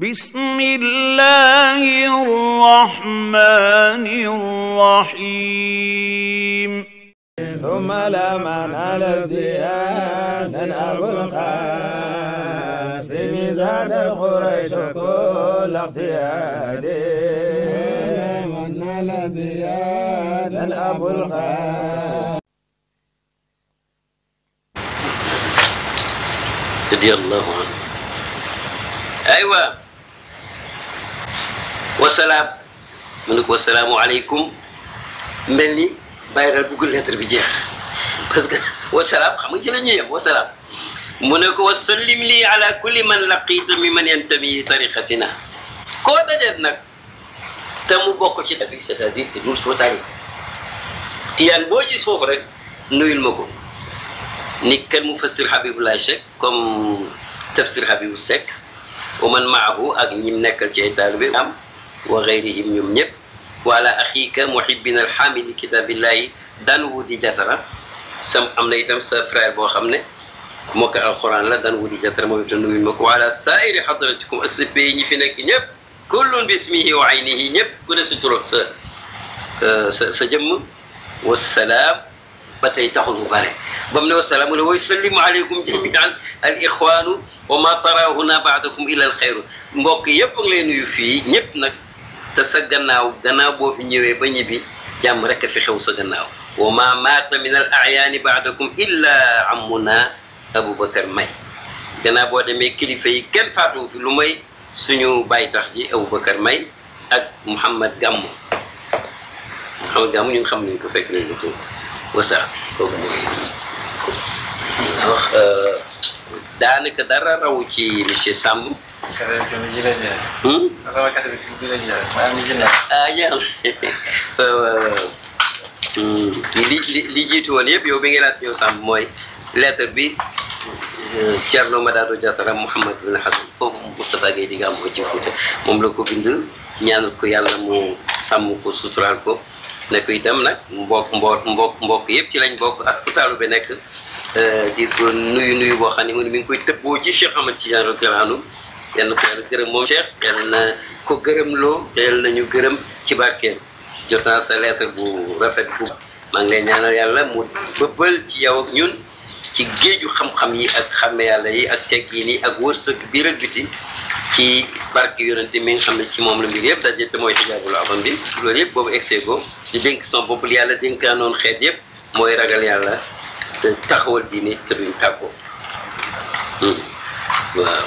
بسم الله الرحمن الرحيم ثم لما نال ازدياد أبو القاسم زاد قريش كل اقتياد من على ازدياد أبو القاسم رضي الله عنه أيوه wasalaam mu ne ko wasalaamualeykum mel ni bàyyi daal bëggul lettre bi jeex parce que wasalaam xam nga ci la ñuy yem wasalaam mu ne ko wasallim lii ala kulli man laqiita mi man yantami tariqatina koo dajeet nag te mu bokk ci tabi c'est-à-dire te dul sootaani tiyaan boo gis foofu rek nuyul ma ko ni kan mu fasir Habibullah Cheikh comme tafsir Habibu Seck wa man maahu ak ñim nekkal ci ay taalibe am وغيرهم يمنب وعلى أخيك محبنا الحامل كتاب الله دان ودي جاترا سام أمنا يتم سفرائر بوخمنا موكا القرآن لا ودي دي جاترا موكتن من مكو على سائر حضرتكم أكسبين فينك نب كل باسمه وعينه نب كنا سترق سجم والسلام batay taxu bare bam ne wassalamu alayhi wa sallam alaykum jami'an al ikhwan wa ma tara hunna ba'dakum ila al khair mbok yep ngi lay nuyu te sa gannaaw gannaaw boo fi ñëwee ba ñibbi jàmm rek a fi xew sa gannaaw ma maata min al ayaani baadakum illa amuna abubakar may gannaaw boo demee kilifay yi kenn faatu fi lu may suñu bàyyi tax ji abubakar may ak muhammad gàmmu ñu ngi xam nañ ko fekk nañ ko tuub wasa euh, daanaka dara raw ci monsieur sama kese bi ah jàmm li jiitu woon yëpp yow bi ngeen laata ñëw sàmm mooy lettre bi euh, Thierno Madado Diatara Mouhamed bin Hassan foofu Moustapha Gueye di nga am ko ci Fuuta moom la ko bind ñaanal ko yàlla mu sàmm ko suturaal ko ne itam nag mbok mbokk mbok mbok yëpp ci lañ bokk ak ku bi nekk euh, di ko nuyu nuyu boo xam ne mu mi ngi koy tëbboo ci Cheikh Ahmad Tidiane radiyallahu anhu yàlla ko yàlla gërëm moom Cheikh yàlla na ko gërëm loo te nañu gërëm ci barkeem jot naa sa lettre bu rafet bu maa ngi lay ñaanal yàlla mu bëbbal ci yow ak ñun ci géeju xam-xam yi ak xàmme yàlla yi ak teg yi nii ak wërsëg biir ak biti ci barke yonente mi nga xam ne ci moom la mbir yëpp daje te mooy tijaabul abam bi loolu yëpp boobu egsee ko di dénk son bopp yàlla dénkaanoon xeet yëpp mooy ragal yàlla te taxawal diine te duñ tàggoo hmm. waaw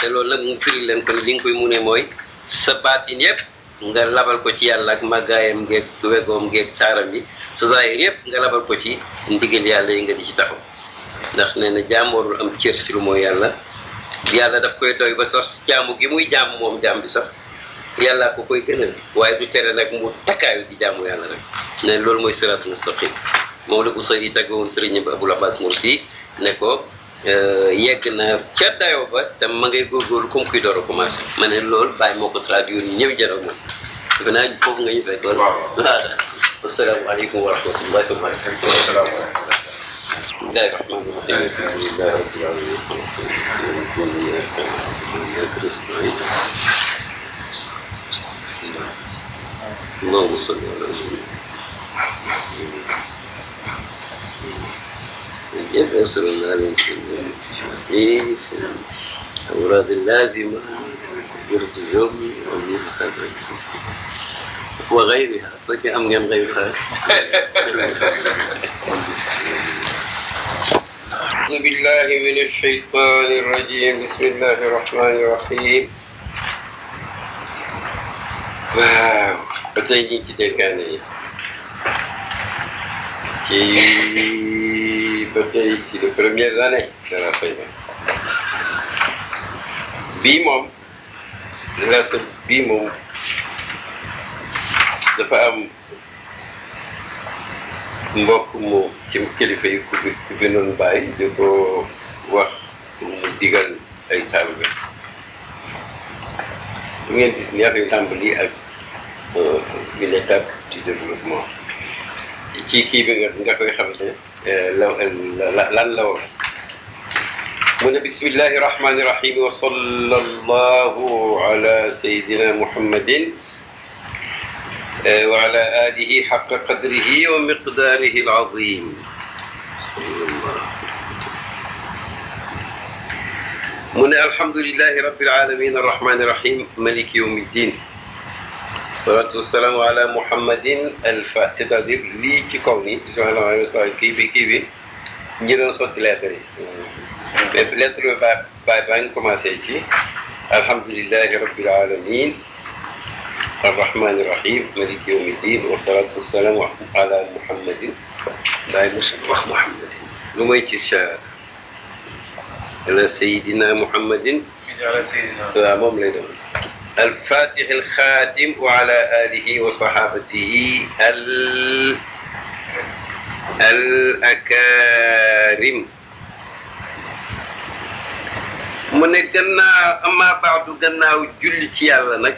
te loolu nag mu firi leen ko li nga koy munee mooy sa baatin yëpp nga labal ko ci yàlla ak màggaayam ngeeg wegoom ngeeg taaram bi sa zaahir yëpp nga labal ko ci ndigal yàlla yi nga di ci taxaw ndax nee na jaamoorul am cër ci lu mooy yàlla yàlla daf koy doy ba sax jaamu gi muy jaam moom jaam bi sax yàlla ko koy gënal waaye du tere nag mu takkaayu di jaamu yàlla nag ne loolu mooy siraatul mustaqim moom la ko sëriñ yi tàggoon sëriñ bi Abul Abbas Mursi ne ko yegg na ca dayoo ba te ma ngay góorgóorlu comme kuy door a commencé ma ne loolu bàyyi moo ko traduire ñëw jaral ma defe naa foofu nga ñu fekk loolu waaw asalaamaaleykum wa rahmatullahi wa barakatuh اللهم صل على محمد كيف يصل على الحديث الأوراد اللازمة قرض يومي وزير قدري وغيرها طيب أم جم غيرها أعوذ بالله من الشيطان الرجيم بسم الله الرحمن الرحيم واو أتيني كده كان ايه côté ci les premières années de l'enseignement bii moom la sa bii moom dafa am mbokk mu ci kilifa yi ku bi ku bi noonu bàyyi wax digal ay taalibe bu ngeen gis ni affaire tàmbali ak une étape du développement ci bi nga nga koy xamante ne اللون هنا بسم الله الرحمن الرحيم وصلى الله على سيدنا محمد آه، وعلى آله حق قدره ومقداره العظيم من الحمد لله رب العالمين الرحمن الرحيم ملك يوم الدين salaatu wasalaamu ala muhammadin alfa c'est-à-dire lii ci kaw nii subhanallah alayhi wa sallam kii bi kii bi ñi doon sotti lettre yi mais lettre bi baa baa baa ngi commencé ci alhamdulilahi rabbil alamin الرحمن الرحيم ملك يوم الدين والصلاة والسلام على محمد لا يصبح محمد لما يتشاء على سيدنا محمد على سيدنا محمد الفاتح الخاتم وعلى آله وصحابته الأكارم من جنة أما بعد جنة جلتي على نك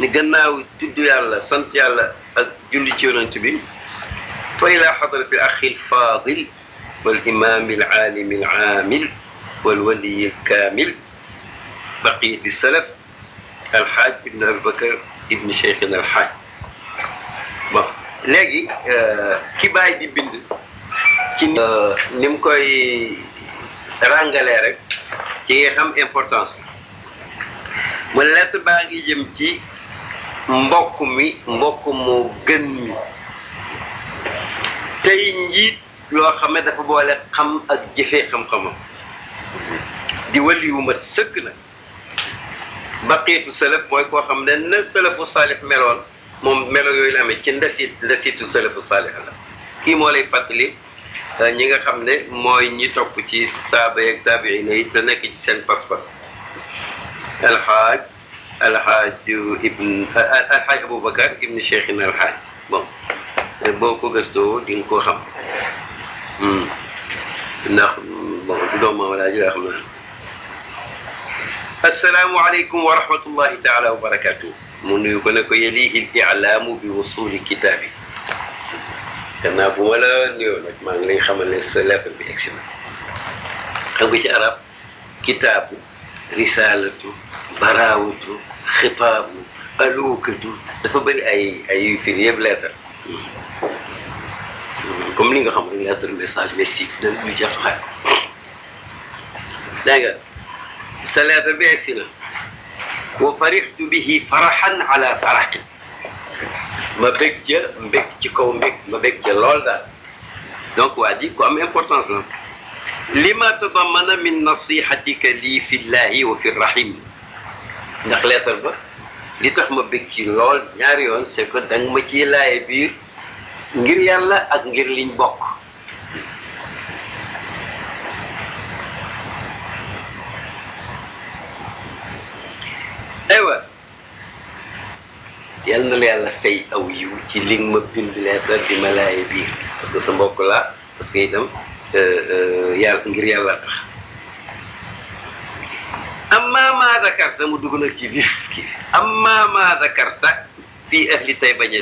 نجنة تدي على سنتي على جلتي ونتبي فإلى حضرة الأخ الفاضل والإمام العالم العامل والولي الكامل بقية السلف alxaaj ibn abubakar ibn cheikhina alxaaj bon léegi euh, ki bàyyi di bind ci ni euh, koy ràngalee rek ci nga xam importance bi mu lettre baa ngi jëm ci mbokk mi mbokk moo gën mi tey njiit loo xam dafa boole xam ak jëfee xam-xamam di wëli wu mat sëkk nag baqiitu sëlëf mooy koo xam ne na sëlëfu saalix meloon moom melo yooyu la amee ci ndesit ndesitu sëlëfu saalix la kii moo lay fàttali euh, ñi nga xam ne mooy ñi topp ci saaba yeeg taabiina yi nekk ci seen pas-pas alxaaj alxaaj ibn alxaaj aboubacar ibn cheikhin alxaaj bon boo ko gëstoo di nga ko hmm. ndax bon du doom maam laa ji السلام عليكم ورحمة الله تعالى وبركاته من يكون يلي الإعلام بوصول كتابي كنا بولا نيونا ما نلي خمل السلاف بأكسنا أبو عرب كتاب رسالة براوة خطاب ألوكد دفع بل أي أي في ريب لاتر كم لين خمل لاتر مساج مسيك دم يجرحك لا سلاثة بأكسنا وفرحت به فرحا على فرح ما بكتي بكتي كو بك ما بكتي لول دا دونك وادي كو ام امبورطانس لما تضمن من نصيحتك لي في الله وفي الرحيم داك ليتر با لي تخ ما بكتي لول نياري يون سي كو دنج ما تي لاي غير يالا اك غير لي بوك yal na la yàlla fay aw yiw ci li ma bind leetar di ma laaye biir parce que sa mbokk la parce que itam euh, euh, yàlla ngir yàlla tax amma ma zakarta mu dugg ci vif ki amma ma zakarta fi ahli tay bañ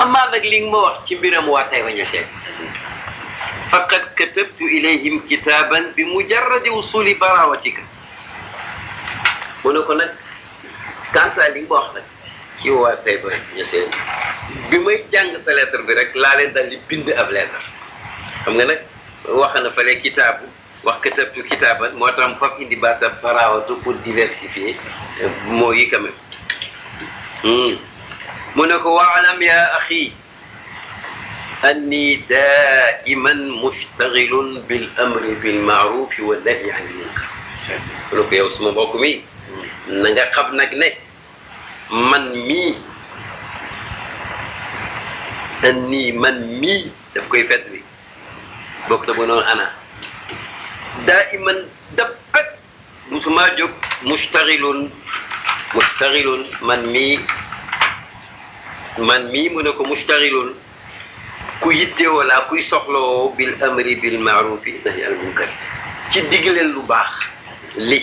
amma nag li ma wax ci mbiram waa tay bañ faqad katabtu ilayhim kitaban bi mujarradi usuli barawatika mu ne ko nag kanta li nga wax nag ci waa tey ba ñaseen bi may jàng sa lettre bi rek laa leen daal di bind ab lettre xam nga nag wax na fale kitaabu wax katabtu kitaaban moo tax mu fab indi baatam farawatu pour diversifier moo yi quand même mu ne ko waalam ya axi أني دائما مشتغل بالأمر بالمعروف والنهي عن المنكر. لو كيوسمو بوكمي نغا خاب نك man mii an nii man mi daf koy fett bi bokk na ba noonu ana daa iman dappet musumaa jóg man mi man mii mu ne ko mustaxilun ku yitte wala kuy soxloo bil amri bil maarufi nahi al munkar ci digleel lu baax li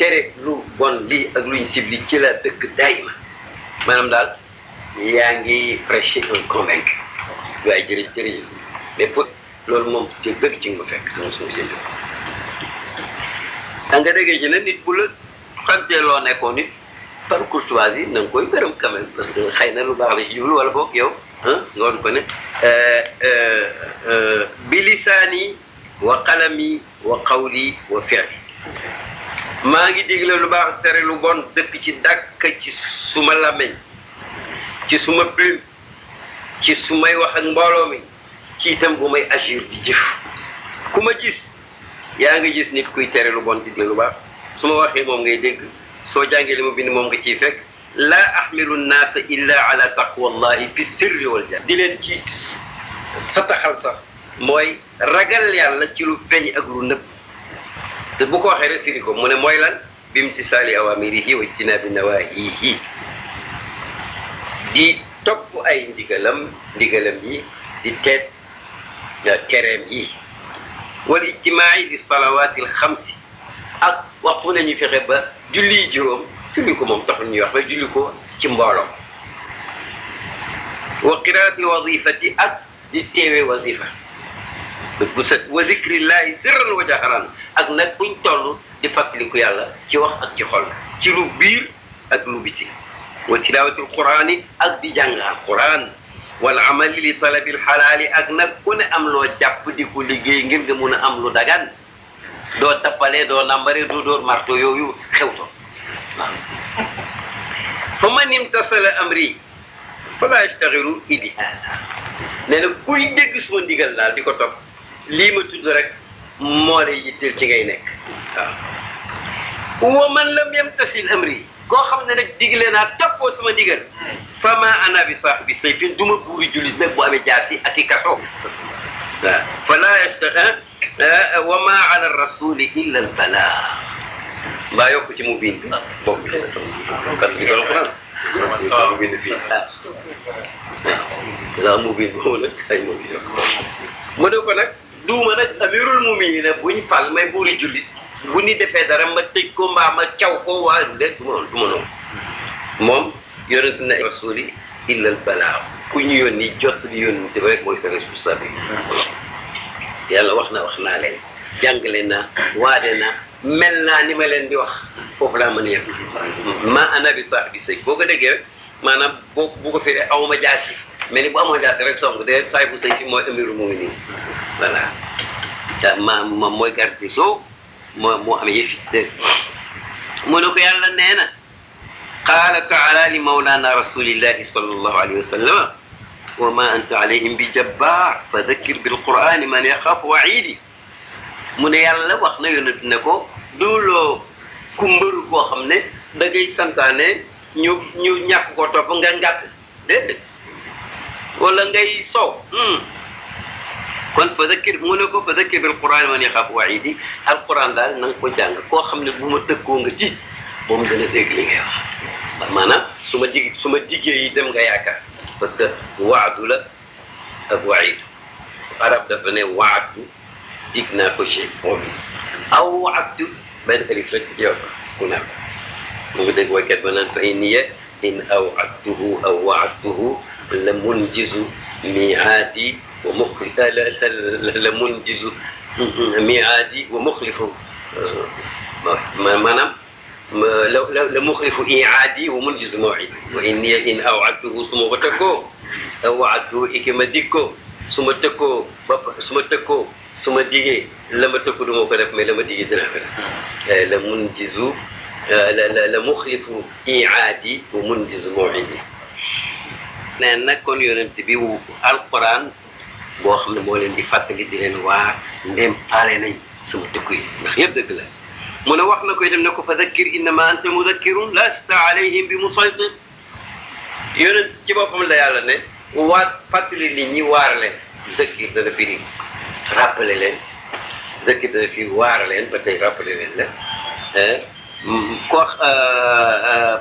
tere lu bon lii ak lu sib li ci la dëkk daayima maanaam daal yaa ngi prêcher un convaincu waaye jërë jërëjëf mais pour loolu moom ci dëgg ci nga fekk moom suñu seen da nga déggee ji ne nit bu la santee loo nekkoon nit par courtoisie na koy gërëm quand parce que xëy na lu baax la ci jublu wala boog yow ah nga woon ko ne euh, euh, euh, bi wa qalami wa qawli wa fi'li maa ngi digle lu baax tere lu bon dëkk ci dàkk ci suma làmmiñ ci suma plume ci sumay wax ak mbooloo mi ci itam bu may agir di jëf ku ma gis yaa ngi gis nit kuy tere lu bon digle lu baax su ma waxee moom ngay dégg soo jàngee li ma bind moom nga ciy fekk laa axmilu nnaasa illa ala taqwa allahi fi sirri wal di leen ci sa taxal mooy ragal yàlla ci lu feeñ ak lu nëbb te bu ko waxee rek firi ko mu ne mooy lan bimtisaali awamirihi wa ijtinaabi nawahihi di topp ay ndigalam ndigalam yi di teet tereem yi wal ijtimaai di salawaati alxamsi ak waxtu ne fexe ba julli juróom julli ko moom taxul ñuy wax ba julli ko ci mbooloo wa qiraati wazifati ak di teewee wazifa bés bu set wa zikrillahi sirran wa jaharan ak nag buñ toll di fàttaliku yàlla ci wax ak ci xol ci lu biir ak lu biti wa tilawatul qurani ak di jàng alquran wal amali li talabil xalaali ak nag ku ne am loo jàpp di ko liggéey ngir nga mun a am lu dagan doo tappale doo nambare doo dóor marto yooyu xewto fa man imtasala amri fala yashtagilu bi hada nee na kuy dégg suma ndigal daal di ko topp lima ma tudd rek moo lay yitteel ci ngay nekk waaw wa man lam yamtasil amri koo xam ne nag digle naa tappoo sama ndigal fama ana bi saaxibi sayfin duma buuri julit nag bu amee jaasi ak i kaso fala yasta wa ma ala rasuli illa al mbaa yokk ci mu bind bokk ci kat bi doon mu bind fii mu bind boobu nag ay mu ne ko nag duuma nag amirul muminina buñ fal may buuri jullit bu ni defee dara ma tëj ko mbaa ma caw ko waa léegi du ma du ma noonu moom yonent na rasuli illal balaa ku ñu yónni jot li yónni te rek mooy sa responsabilité yàlla wax na wax naa leen jàngale na waade na mel naa ni ma leen di wax foofu laa mën a yem mm-hmm. ma ana bi bi sëy boo ko déggee maanaam boo bu ko firee awma jaasi mais ni bu amoon jaasi rek song de saay bu sëy fi mooy amiru muminin voilà da ma ma mooy garde soo moo moo amee yëfi dégg mu ne ko yàlla nee na قال تعالى لمولانا رسول الله صلى الله عليه وسلم وما أنت عليهم بجبار فذكر بالقرآن من يخاف وعيدي من يالا واخنا يونت نكو دولو كومبر كو خامني داغي سانتاني ñu ñu ñak ko top nga ngat dedet ولا نجي صو كون فذكر مو فذكر بالقران من يخاف وعيدي القران دار نكو جانغ كو خامل بو ما تكو نغ تي بو ما دنا ديغ لي غي واخ مانا سوما ديغ سوما ديغي يي ديم وعد لا اب او وعد بين الفت ديوك كنا مو ديغ وكات بنان فاينيه ان اوعدته او لمنجز ميعادي ومخلف لمنجز ميعادي آه، ومخلف ما نم لمخلف إيعادي ومنجز موعدي وإني إن أوعدته ثم بتكو أوعدته إكما ديكو ثم تكو ثم تكو ثم ديجي لما تكو دمو كلف لما ديجي دنافل آه، لمنجز آه، لمخلف إيعادي ومنجز موعدي neen nag kon yonent bi wu alquran boo xam ne moo leen di fàttali di leen waar ndem faale nañ sama tukku yi ndax yëpp dëgg la mu ne wax na ko itam ne ko fa dakkir innama anta mudakkirun lasta alayhim bi musaytir yonent ci boppam la yàlla ne waat fàttali nit ñi waar leen zakkir dana firi rappelé leen zakkir dana firi waar leen ba tey rappelé leen la eh, ko eh, eh,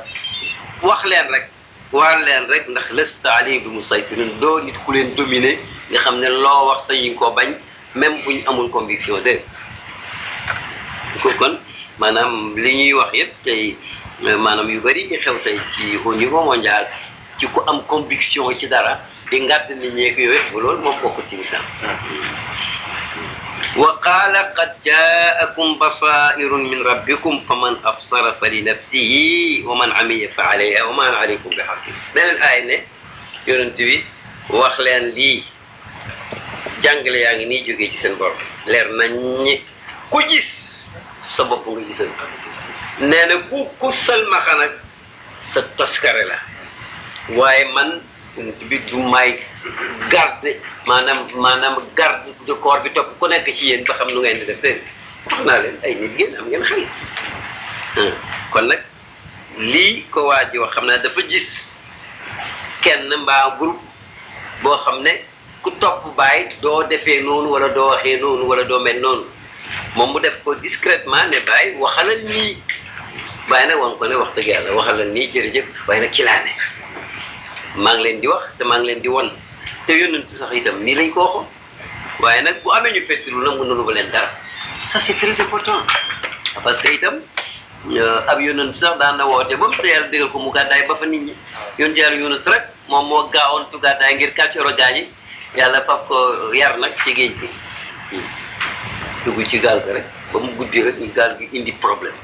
wax leen rek war leen rek ndax lesta alim bi musaytirin doo nit ku leen dominer nga xam ne loo wax sa yi ko bañ même buñ amul conviction de ko kon maanaam li ñuy wax yépp tey maanaam yu bari di xew tey ci au niveau mondial ci ku am conviction ci dara di ngàdd nit ñeek yooyu bu loolu moom bokk ci islam wa qaala qad jaakum basairun min rabbikum fa man absara fa li nafsihi wa man amiya fa alayha wa man alaykum bi xafis beneen aay ne yonent bi wax leen lii jàngale yaa ngi nii jógee ci seen borom leer nañ ñi ku gis sa bopp nga gisal nee na ku ku salmaxa nag sa taskare la waaye man yonent bi du may garde maanaam maanaam garde du bi topp ku nekk ci yéen ba xam nu ngeen di def dégg naa leen ay nit ngeen am ngeen xel kon nag lii ko waa wax xam naa dafa gis kenn mbaa groupe boo xam ne ku topp bàyyi doo defee noonu wala doo waxee noonu wala doo mel noonu moom mu def ko discrètement ne bàyyi waxalal nii bàyyi nag wan ko ne wax dëgg yàlla waxalal nii jërëjëf waaye nag ci laa ne maa ngi leen di wax te maa ngi leen di won te yónnent sax itam nii lañ ko waxoon waaye nag bu amee ñu fettilu nag mënulu ba leen dara ça c'est très parce que itam euh, ab yónnent sax daan na woote moom te yàlla déggal ko mu gàddaay ba fa nit ñi yónnent yàlla Yunus rek moom moo gaawoontu gàddaay ngir kàccoor gaañi yàlla faf ko yar nag ci géej gi dugg ci gaal ga rek ba mu guddi rek ñu gaal gi indi problème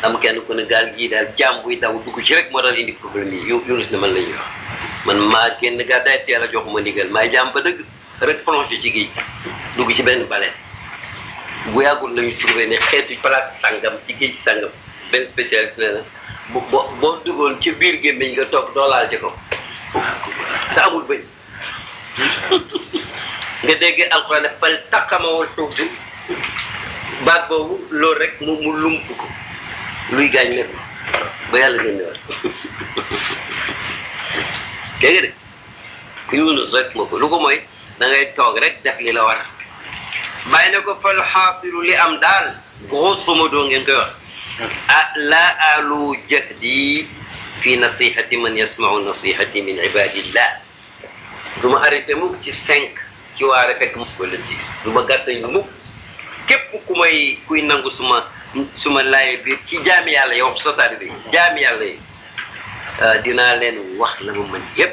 am kenn ku ne gaal gii daal jaam buy daw dugg ci rek moo daal indi problème yi Yunus ne man la ñuy wax man maa génn gàddaay teel a joxuma ndigal may jaam ba dëgg rek plongé ci géej dugg ci benn bale bu yàggul lañu trouvé ne eh, xeetu place sangam ci géej sangam benn spécialiste nee na bo boo ci biir gémmiñ nga toog doo laal ci ko te amul nga dégg rek mu mu lump ko luy ba dégg nga de yunus rek nga ko lu ko mooy da ngay toog rek def li la war bàyyi ne ko fal xaasilu li am daal grosso modo ngeen koy wax ah laa alu jahdi fi nasihati man yasmau nasihati min ibadillah du ma arrêté mukk ci cinq ci waare fekk mukk wala dix du ma gàttañ mukk képp ku may kuy nangu suma suma laay biir ci jaami yàlla yow sotaari bi jaami yàlla yi دينا لين وقت لما من يب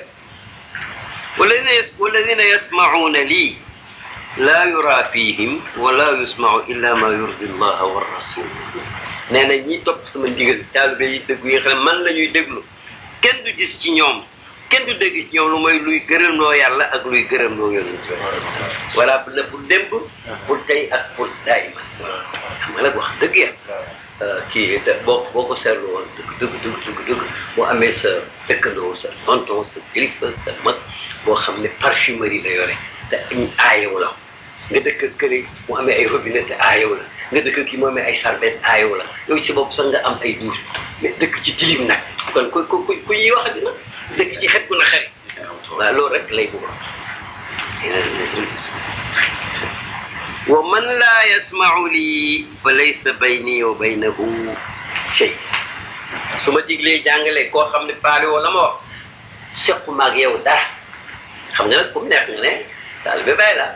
والذين يس والذين يسمعون لي لا يرى فيهم ولا يسمع إلا ما يرضي الله والرسول نانا ني توب سما ديغل تالو بي دغ وي خا مان لا نيو دغلو كين دو جيس تي نيوم كين دو دغ تي نيوم لو ماي لوي گيرم نو يالا اك لوي گيرم نو يونس تي ولا بل بو ديمب بو تاي اك بو دايما مالك واخ دغ يا kii boo boo ko seetloo woon dëgg dëgg dëgg dëgg dëgg boo amee sa dëkkandoo sa tonton sa kilifa boo xam ne parfumerie la yore te aayewu la nga dëkk kële mu amee ay robinet te aayewu la nga dëkk kii mu ay sarbet aayewu la yow ci bopp sax nga am ay douche mais dëkk ci tilim nag kon ku ku ñuy wax dina dëkk ci xet gu na xari waaw rek lay bëgg wa man laa yasmau lii fa laysa bayni wa baynahu shay su ma diglee jàngale koo xam ne paali woo la ma wax sequ maag yow dara xam nga nag ku mu neex nga ne daal ba bàyyi la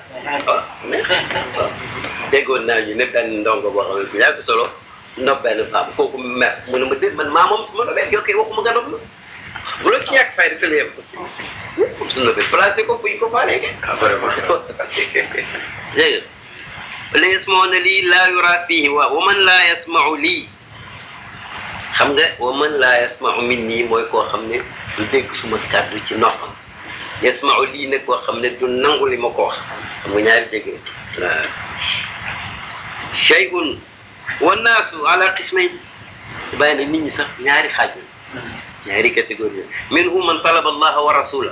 déggoon naa ñu ne benn ndongo boo xam ne bu yàgg solo nob benn femme kooku mer mu ne ma dé man maa moom su ma nobee yokkee waxuma nga nob la bu la ci ñàkk fay dafa lay yem comme su nobee placé ko fu ñu ko faalee ke ah, dégg nga la yasmauna lii laa yura fihi wa wa man laa yasmau lii xam nga wa man laa yasmau min nii mooy koo xam ne du dégg suma kàddu ci nox yasmau lii nag koo xam ne du nangu li ma ko wax xam nga ñaari dégg waaw shay'un wa naasu ala qismayn bàyyi na nit ñi sax ñaari xaaj hmm. ñaari catégorie minhum man talaba allaha wa rasula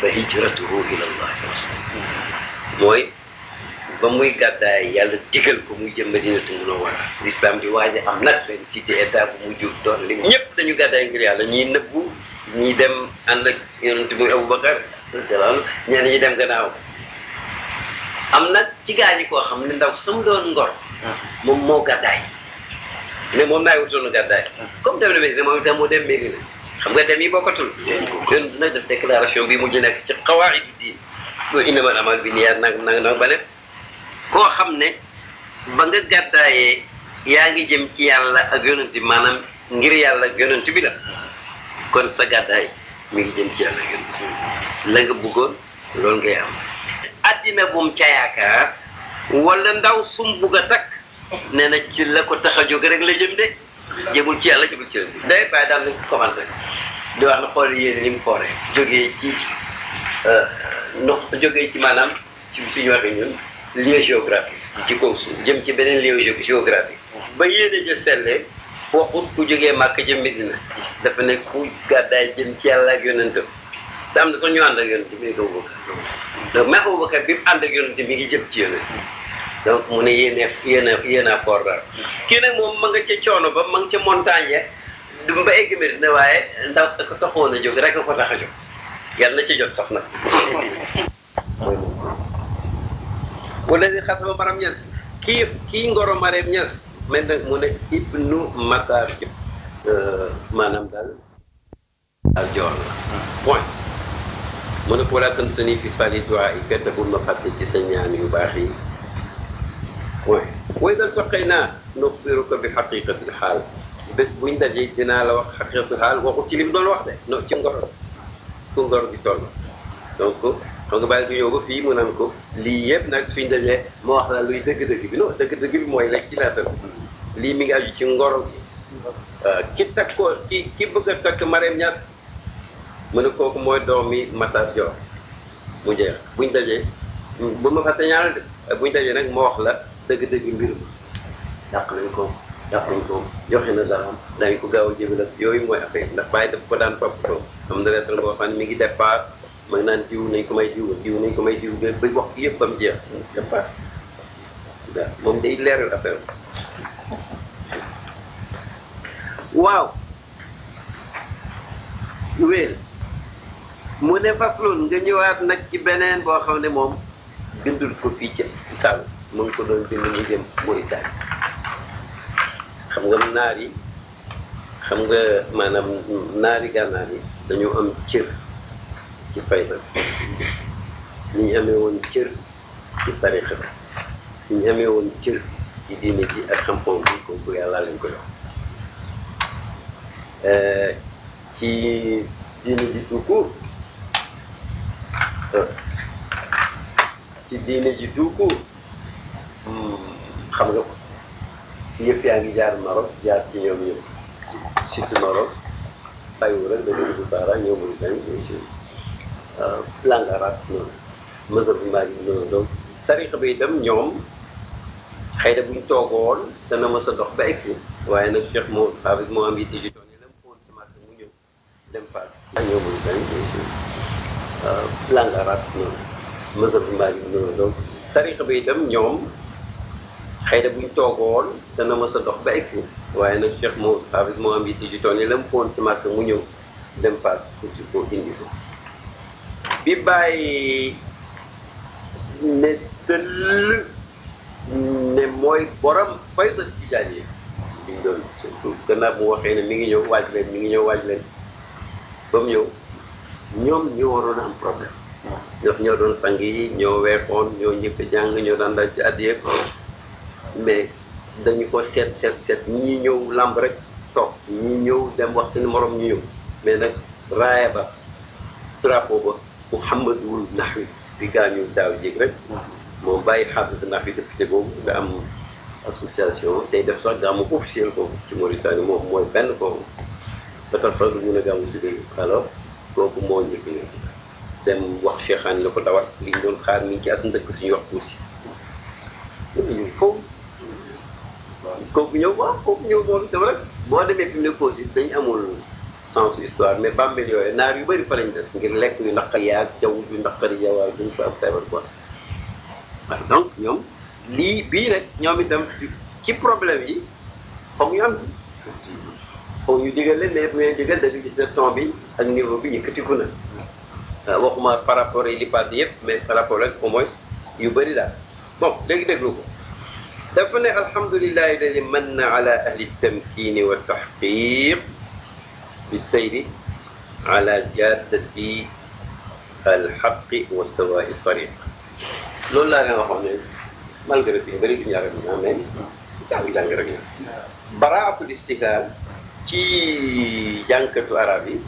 فهجرته إلى الله ورسوله mooy ba muy gàddaay yàlla digal ko muy jëm madinatu munawara l'islam di waaj am nag benn cité état bu mu jur doon li ñëpp dañu gàddaay ngir yàlla ñiy nëbbu ñiy dem ànd ak yonent muy Aboubacar radiyallahu ñeneen ñi dem gannaaw am nag ci gaa ñi koo xam ne ndaw sam doon ngor moom moo gàddaay ne moom naay wutoon gàddaay ah. comme dem na Médina moom itam moo dem Médina xam nga dem yi bokkatul. yoon dina def déclaration bi mujj nekk ci xawaaid diin mooy innamal amal bi niyaat nag nag nag ba ne koo xam ne ba nga gàddaayee yaa ngi jëm ci yàlla ak yonent maanaam ngir yàlla ak yonent bi la kon sa gàddaay mu ngi jëm ci yàlla ak yonent la nga bëggoon loolu ngay am. addina bu ca yaakaar wala ndaw sum bugg a takk nee na ci la ko tax a jóg rek la jëm de. jëmul ci yàlla jëmul ci yàlla day bàyyi daal nañ ko commenté na xool yéen ni mu jógee ci euh, no jógee ci maanaam ci suñu waxee ñun lieu géographique ci kaw suuf jëm ci beneen lio géographique ba yéene ja sellee waxut ku jógee màkk jëm Medina dafa ne ku gàddaay jëm ci yàlla ak yonentam te am na sax ñu ànd ak yonent bi ko Abubakar donc même Abubakar bi mu ànd ak yonent mi ngi jëm ci yonent donc mu ne yéen yéen a yéen a fordal kii nag moom ma nga ca coono ba ma nga ca montagne ya du ba egg mbir ne waaye ndaw sa ko taxoon a jóg rek ko tax a jóg yàlla na ci jot sax nag wala di xasama maram ñas kii kii ngoro mareem ñas mais nag mu ne ibnu matar jëp euh, maanaam daal daal joor la point mu ne pour la tantani fi fali doa yi kat bul ma fàtte ci sa ñaan yu baax yi mooy wayda faqaynaa nuxbiruka bi xaqiqatil xaal bés buñ dajee dinaa la wax xaqiqatil xaal waxu ci lim doon wax de no ci ngor ku ngor gi toll ko lii yëpp nag suñ dajee ma wax la dëgg-dëgg bi dëgg mooy la ci laatal lii mi ngi aju ci ngor gi euh, ki takkoo ki bëgg a takk Marème Niass mu ne kooku mooy doomi Matar Dior mu jeex buñ dajee bu ma fàtte ñaanal de buñ dajee nag ma wax la dëgg-dëgg mbir ma yàq nañ ko yàq nañ ko joxe na daraam dañ ko gaaw a jëmale ak yooyu mooy affaire ndax bàyyi daf ko daan toppatoo am na lettre boo xam ne mi ngi départ ma naan diw nañ ko may diw diw nañ ko may diw ba wax yëpp ba mu jeex départ waaw moom day leeral affaire waaw wéel mu ne faslun nga ñëwaat nag ci beneen boo xam ne moom bindul ko fii ci sàll mu ko doon bind muy dem Mauritanie xam nga naar yi xam nga maanaam naari gànnaar yi dañoo am cër ci fayda ni ñu amee woon cër ci tarixa bi ni ñu amee woon cër ci diine ji ak xam-xam bi kooku yàlla lañ ko jox ci diine ji tout ci diine ji tout xam nga yëpp yaa ngi jaar Maroc jaar ci ñoom yëpp surtout Maroc bàyyiwul rek dañuy dugg Sahara ñëw muy benn waaw langue arabe noonu mazhab bu Maalik noonu donc tariqa bi itam ñoom xëy na bu ñu toogoon dana mës a dox ba egg si waaye nag Cheikh moom avec moo am yitte ji doon ne la mu xool semence mu ñëw dem Fass ñëw muy benn waaw langue arabe noonu mazhab bu Maalik noonu donc tariqa bi itam ñoom. xëy na bu ñu toogoon dana mës a dox ba egg waaye nag seex moo avec moo am itti jutoon yi la mu foon ci marché mu ñëw dem paas tuuti ko indi ko bi bàyyi mooy borom fayda tijaan yi doon surtout gannaaw bu waxee ne mi ngi ñëw waaj leen mi ngi ñëw waaj leen ba mu ñëw ñoom ñoo waroon am problème ndax ñoo doon sang yi ñoo weexoon ñoo njëkk jàng ñoo daan daal ci àddi yëpp mais dañu ko seet seet seet ñii ñëw làmb rek toog ñii ñëw dem wax seen morom ñu ñëw mais nag raaya ba drapeau ba Mouhamadul Nahwi bi gaañu daaw jéeg rek moom bàyyi xaafis Nahwi député boobu nga am association tey def sax gàmmu officiel boobu ci Mauritanie moom mooy benn boobu ba tax sax ñu si dégg moo njëkk ñu dem wax Cheikhaan la ko dawat li ñu doon xaar mi ngi ci as ndëkk suñu wax tuuti kooku ñëw waaw kooku ñëw moom itam rek boo demee fi mu dañ pause it dañu amul sens histoire mais bambel yooyu naar yu bëri fa lañ def ngir lekk yu naqari yaag jaww ju naqari yawaay duñ fa am feebar quoi waaw donc ñoom lii bii rek ñoom itam ci problème yi foog ñu am foog ñu digal leen mais bu ngeen digal da nga gis ne temps bi ak niveau bi yëkkatiku na euh, waxuma par rapport yi li passé yëpp mais par rapport rek au moins yu bëri daal bon léegi déglu ko Definitely, الحمد لله الذي من على أهل التمكين والتحقيق بالسير على زيادة الحق وسواء الطريق. لولا أنا خامس ما لقيت يا بريك يا رب آمين. تعالوا جانك رجع. براءة الاستقلال كي جانك العربي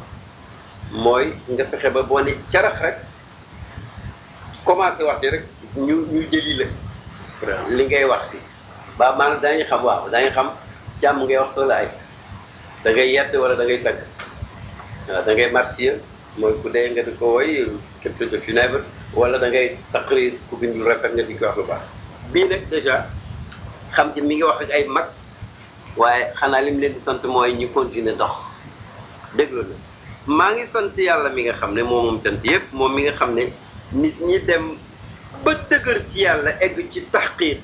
موي إنك تخبر بوني شرخ رك. كم أنت وقت رك نيو نيو جليل. لينجاي وقتي. ba maanaam daañu xam waaw daañu xam jàmm ngay wax solaay ay dangay yedd wala dangay ngay tagg waaw da ngay mooy ku dee nga di ko woy cëptu de funèbre wala da ngay taqrir ku bind lu rafet nga di ko wax lu baax bii nag dèjà xam ci mi ngi wax ay mag waaye xanaa lim leen di sant mooy ñu continuer dox déglu na maa ngi sant yàlla mi nga xam ne moo moom sant yëpp moom mi nga xam ne nit ñi dem ba dëgër ci yàlla egg ci taxqiq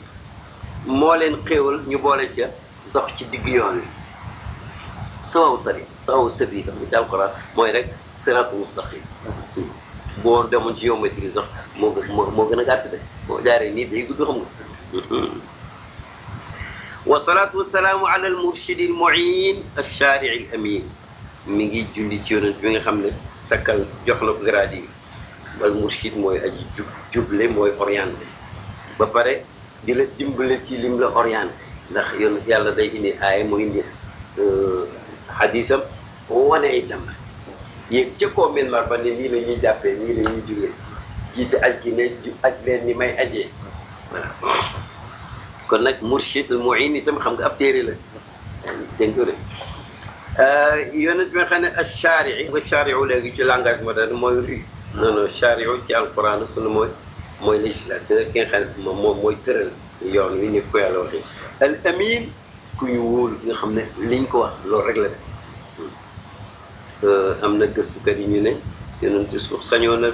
moo leen xéewal ñu boole ca dox ci digg yoon wi sawaw tari sawaw sabila bi daal quran mooy rek siraatu mustaqim boor demoon ci yomb tigi sax moo moo moo gën a gàtt de boo jaaree nii day gudd xam nga والصلاة والسلام على المرشد المعين الشارع الأمين mi ngi julli ci yonent bi nga xam ne takkal jox la ko grade yi ba mursid mooy aji jub juble mooy orienté ba pare di la dimbale ci lim la orienté ndax yoon yàlla day indi aaya mu indi euh, xadisam wane itam yéeg ca koo min mar ba ne nii la ñuy jàppee nii la ñuy jugee jiite aj gi ne aj leen ni may ajee voilà nag murshid muin itam xam nga ab téere la dégg nga euh, yonent bi nga xam ne acharii nga chariu léegi ci langage moderne mooy ci alquran mooy mooy législateur ki nga xam ne moom moom mooy tëral yoon wi ñu ko yàlla waxee al amin ku ñu wóolu nga xam ne liñ ko wax loolu rek la euh, am na gëstukat yi ñu ne yonent suuf sañoo na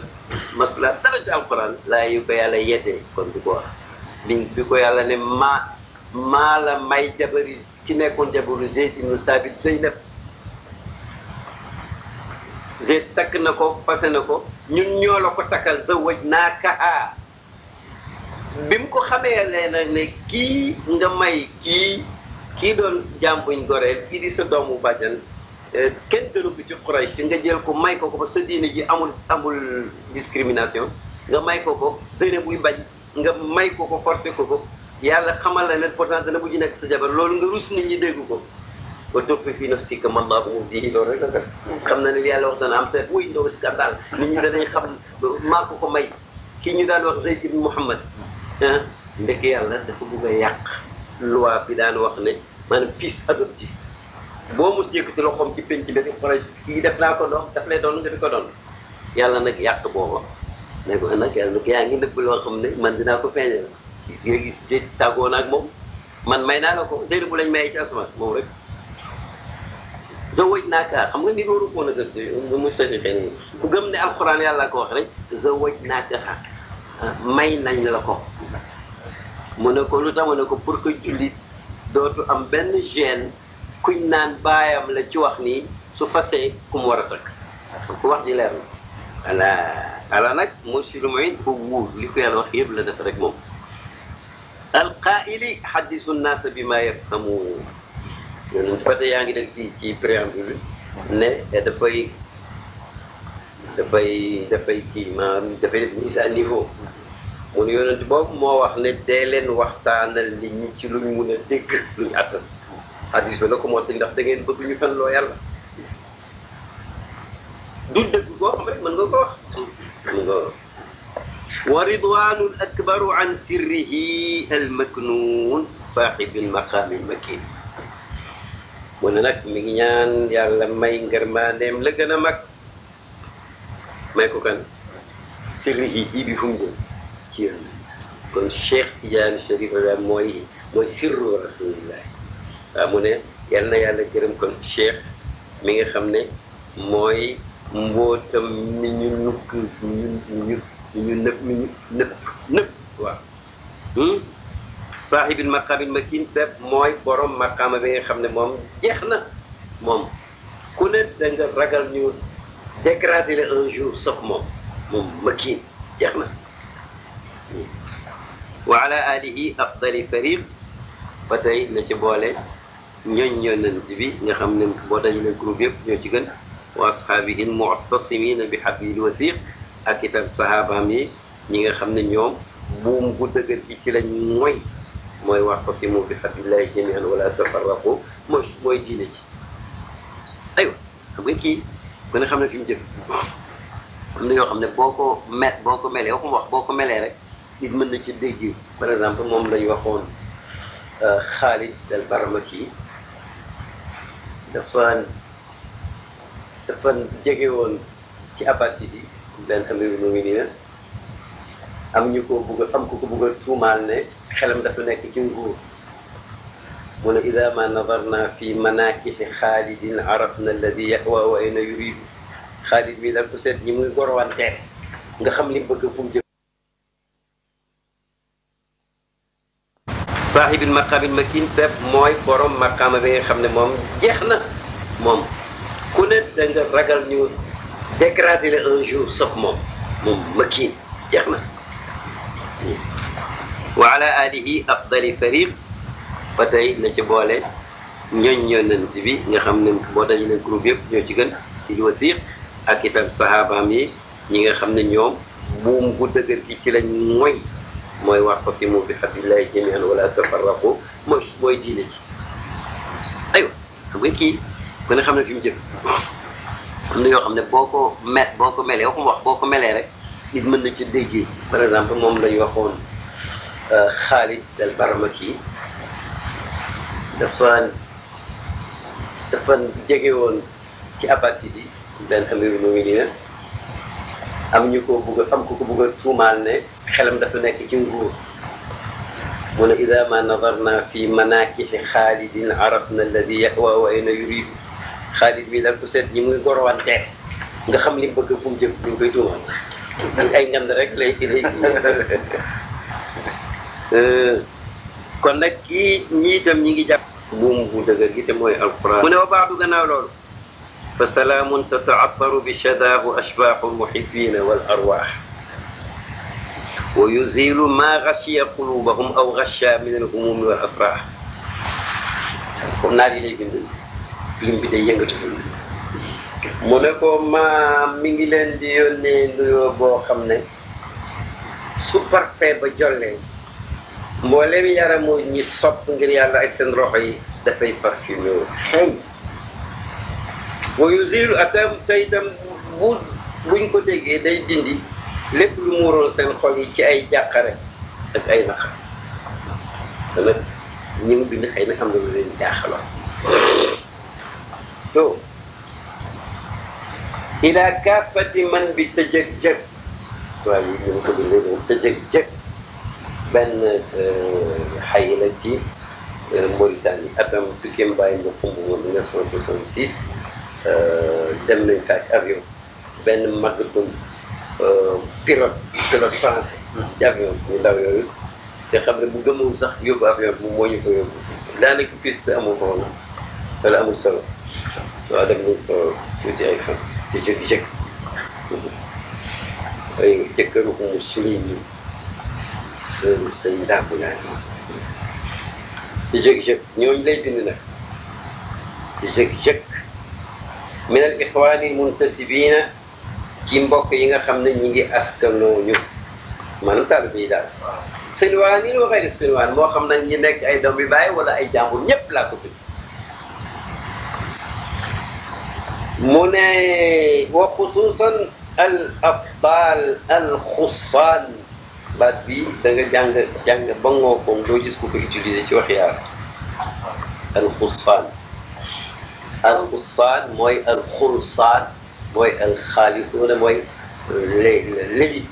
masla dara ci alquran laa yu ko yàlla yeddee kon du ko wax ne maa la may jabari ki nekkoon jabaru Zayd ibn Saabit Zeynab g takk na ko fase na ko ñun ñoo la ko takkal sa wëj naa kahaa bi mu ko xamee lee nag ne kii nga may kii kii doon jàmbuñ goreel kii di sa doomu bàjjan eh, kenn dëru ko ci Quraysh nga jël ko may ko ko sa diine ji amul amul discrimination nga may ko ko Zeynab buy bañ nga may ko ko forcé ko ko yàlla xamal na ne pourtant dana bu ji nekk sa jabar loolu nga rus nit ñi dégg ko وتخفي في نفسك ما الله مبديه loolu rek la def xam na ne li yàlla wax dana am te wuy ndaw scandale nit ñi danañ xam maa ko ko may ki ñu daan wax Zayd ibn Muhammad ah ndek yàlla dafa bugg a yàq loi bi daan wax ne maanaam peace adoptive boo mu yëkkati loxoom ci penc bi projet kii def naa ko doon daf lay doon nga di ko doon yàlla nag yàq booba ne ko nag yàlla nag yaa ngi nëbb loo xam ne man dinaa ko feeñal léegi tàggoo naag moom man may naa la ko Zayd bu lañ may ci asamaan moom rek زوجناك خم غن ديرو روكو نا دسي مستحقين غم ني القران يالا كو واخ رك زوجناك ماي نان لاكو مونكو لوتا مونكو بور كو جولي دوتو ام بن جين كوي نان بايام لا تي واخ ني سو فاسي كوم ورا تك كو واخ دي لير انا على نك مسير معين هو اللي كان وخيب لا دفرك القائل حدث الناس بما يفهمون peut-être yaa ngi dégg ci ci préambule bi ne dafay dafay dafay kii maanaam dafay def mise à niveau mu ne yonent boobu moo wax ne dee leen waxtaanal nit ñi ci luñ mun a dégg luñ attan hadis bi la ko mottali ndax da ngeen bëgg ñu fen loo yàlla du dëgg koo xam rek mën nga ko wax mën nga wa ridwanul akbaru an sirrihi al maknun saaxibil maqaamil makin mu ne nag mi ngi ñaan yàlla may ngërmaandeem la gën a mag may ko kan sirri yi ji bi fu mu ci yoon kon Cheikh Tidiane Chérif Ibrahima mooy mooy sirru rasulillah waaw mu ne yal na yàlla gërëm kon Cheikh mi nga xam ne mooy mbootam mi ñu nukk mi ñu nëpp mi ñu nëpp nëpp waaw hmm? saaxibil maqaabil makin te mooy borom maqaama bi nga xam ne moom jeex na moom ku ne da nga ragal ñu dégrader la un jour sauf moom moom makin jeex na wa ala alihi afdali fariq ba tey na ci boole ñooñ yonent bi nga xam ne boo dajalee groupe yëpp ñoo ci gën wa ashaabihi mu'tasimina bi hablil wasiq ak itam sahabaam yi ñi nga xam ne ñoom buum gu dëgër gi ci lañ mooy mooy wax ko fi mu bi hablillahi jami'an wala tafarraqu mooy mooy ci aywa xam nga kii ku ne xam ne fi mu jëm am na yoo xam ne boo ko mel boo ko melee waxuma wax boo ko melee rek nit mën na ci dégg par exemple moom lañu waxoon Xaalid euh, al Baramaki dafa dafa jege woon ci abati bi benn amirul muminina am ñu ko bëgg am ko ko bëgg a tuumaal ne خلم دفع نك جنغور من إذا ما نظرنا في مناكح خالد عرفنا الذي يهوى وإن يريد خالد من الكسر يمو يقور وان تير نخم لي بك فوم جنغور صاحب المقام المكين تب موي بروم مقام بي خمنا موم جيخنا موم كونت دنجر رجل نيو ديكرادي لأنجور صف موم موم مكين جيخنا جيخنا وعلى آله أفضل فريق فتاي نجبولي ñoñ yonent bi nga xam ne boo dajalee groupe yëpp ñoo ci gën ci wasiq ak itam sahabaam yi ñi nga xam ne ñoom buum gu dëgër gi ci lañ moy mooy wax ko si mu bi xabillahi jamian wala tafarraqu mooy mooy diine ci aywa xam nga kii ku ne xam ne fi mu jëm am na yoo xam ne boo ko met boo ko melee waxuma wax boo ko melee rek nit mën na ci déggee par exemple moom lañ waxoon خالد البرمكي دفن دفن جيجيون تي اباتي دي بن خمي نو مي دينا ام نيوكو بوغ ام كوكو بوغ تومال ني خلم دا فا نيك تي نغور مون اذا ما نظرنا في مناكح خالد عرفنا الذي يهوى واين يريد خالد بلا كوسيت ني موي غور وان تي nga xam li bëgg fu mu jëf ñu koy tuumal ak ay Euh, kon nag kii ñii itam ñi ngi jàpp buum bu dëgër gi te mooy mu ne wa baadu gannaaw loolu fa salaamun tataabaru bi shadaahu ashbaaxu lmuhibbina wal arwaax wa yuzilu ma gashiya qulubahum aw gasha min alhumumi wal mi ngi leen boo xam ne su ba jollee mboolem yaramu ñi sopp ngir yàlla ak seen roxo yi dafay parfumé wu xeñ wa yuzilu atam te itam bu buñ ko déggee day dindi lépp lu muuroon seen xol yi ci ay jàqare ak ay nax te ñi mu bind xëy na am lu leen jaaxaloon so ila kafati man bi tëjëg jëg waaye ñu ko bindee doon benn xay la ci Mauritanie atam Piquet Mbaye nga xumb woon 1966 dem nañ fa ak avion benn mag bu pilote pilote français ci avion ñu ndaw yooyu te xam ne bu gëmoon sax yóbbu avion bi moo ñu ko yóbbu daanaka piste amul ko woon wala amul solo waaw dem nañ ko tuuti ay fan te jëkk jëkk ay jëkkëru ko mu suñu السيدات يعني يجكجك نيوي لي بننا يجكجك من الإخوان المنتسبين ci mbokk yi nga xam ne ñi ngi askanoo ñu maanaam taal bi daal silwaan yi waxee di silwaan moo xam nag ñi nekk ay doom bi bàyyi wala ay jàmbur ñëpp laa ko tudd mu ne wa xusuusan al abdal al xusaan baat bi da nga jàng jàng ba ko utiliser ci wax yaar alxursaan alxursaan mooy alxursaan mooy alxaalis wala mooy léegi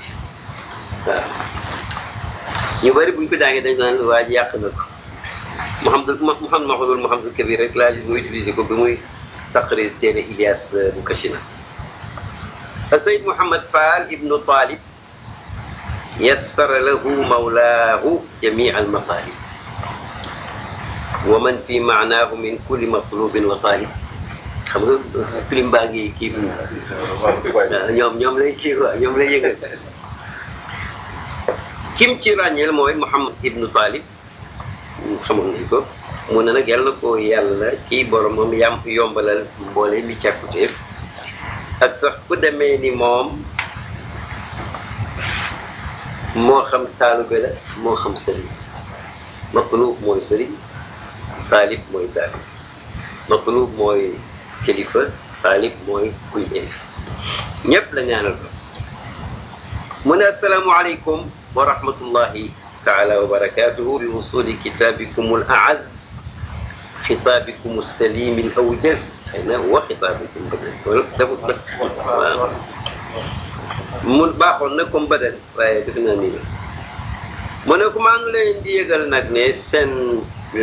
waaw ñu bëri buñ ko daangee dañ naan waa ji yàq na ko Mouhamadul Mouhamadul Mahfoudul Mouhamadul Ilias euh, bu Kachina. Seyd Mouhamad ibnu Talib yassara lahu mawlaahu jamii al mataalib wa man fi maanaahu min kulli matlubin wa taalib xam nga film baa ngi kii ñoom ñoom lay kii quoi ñoom lay yëngal kim ci ràññeel mooy Muhammad ibnu Taalib xamoon nañ ko mu ne nag yàlla na ko yàlla ci boromam yam yombalal mboole mi càkkutéef ak sax ku demee ni moom مو خمس سالو بلا مو خمس سري مطلوب مو سري طالب مو دار مطلوب مو كليفة طالب مو كل إلف نيب الرب من السلام عليكم ورحمة الله تعالى وبركاته بوصول كتابكم الأعز خطابكم السليم الأوجز أين هو خطابكم؟ mu baaxoon nag comme badal waaye def naa nii mu ne ko maa ngi leen di yëgal nag ne seen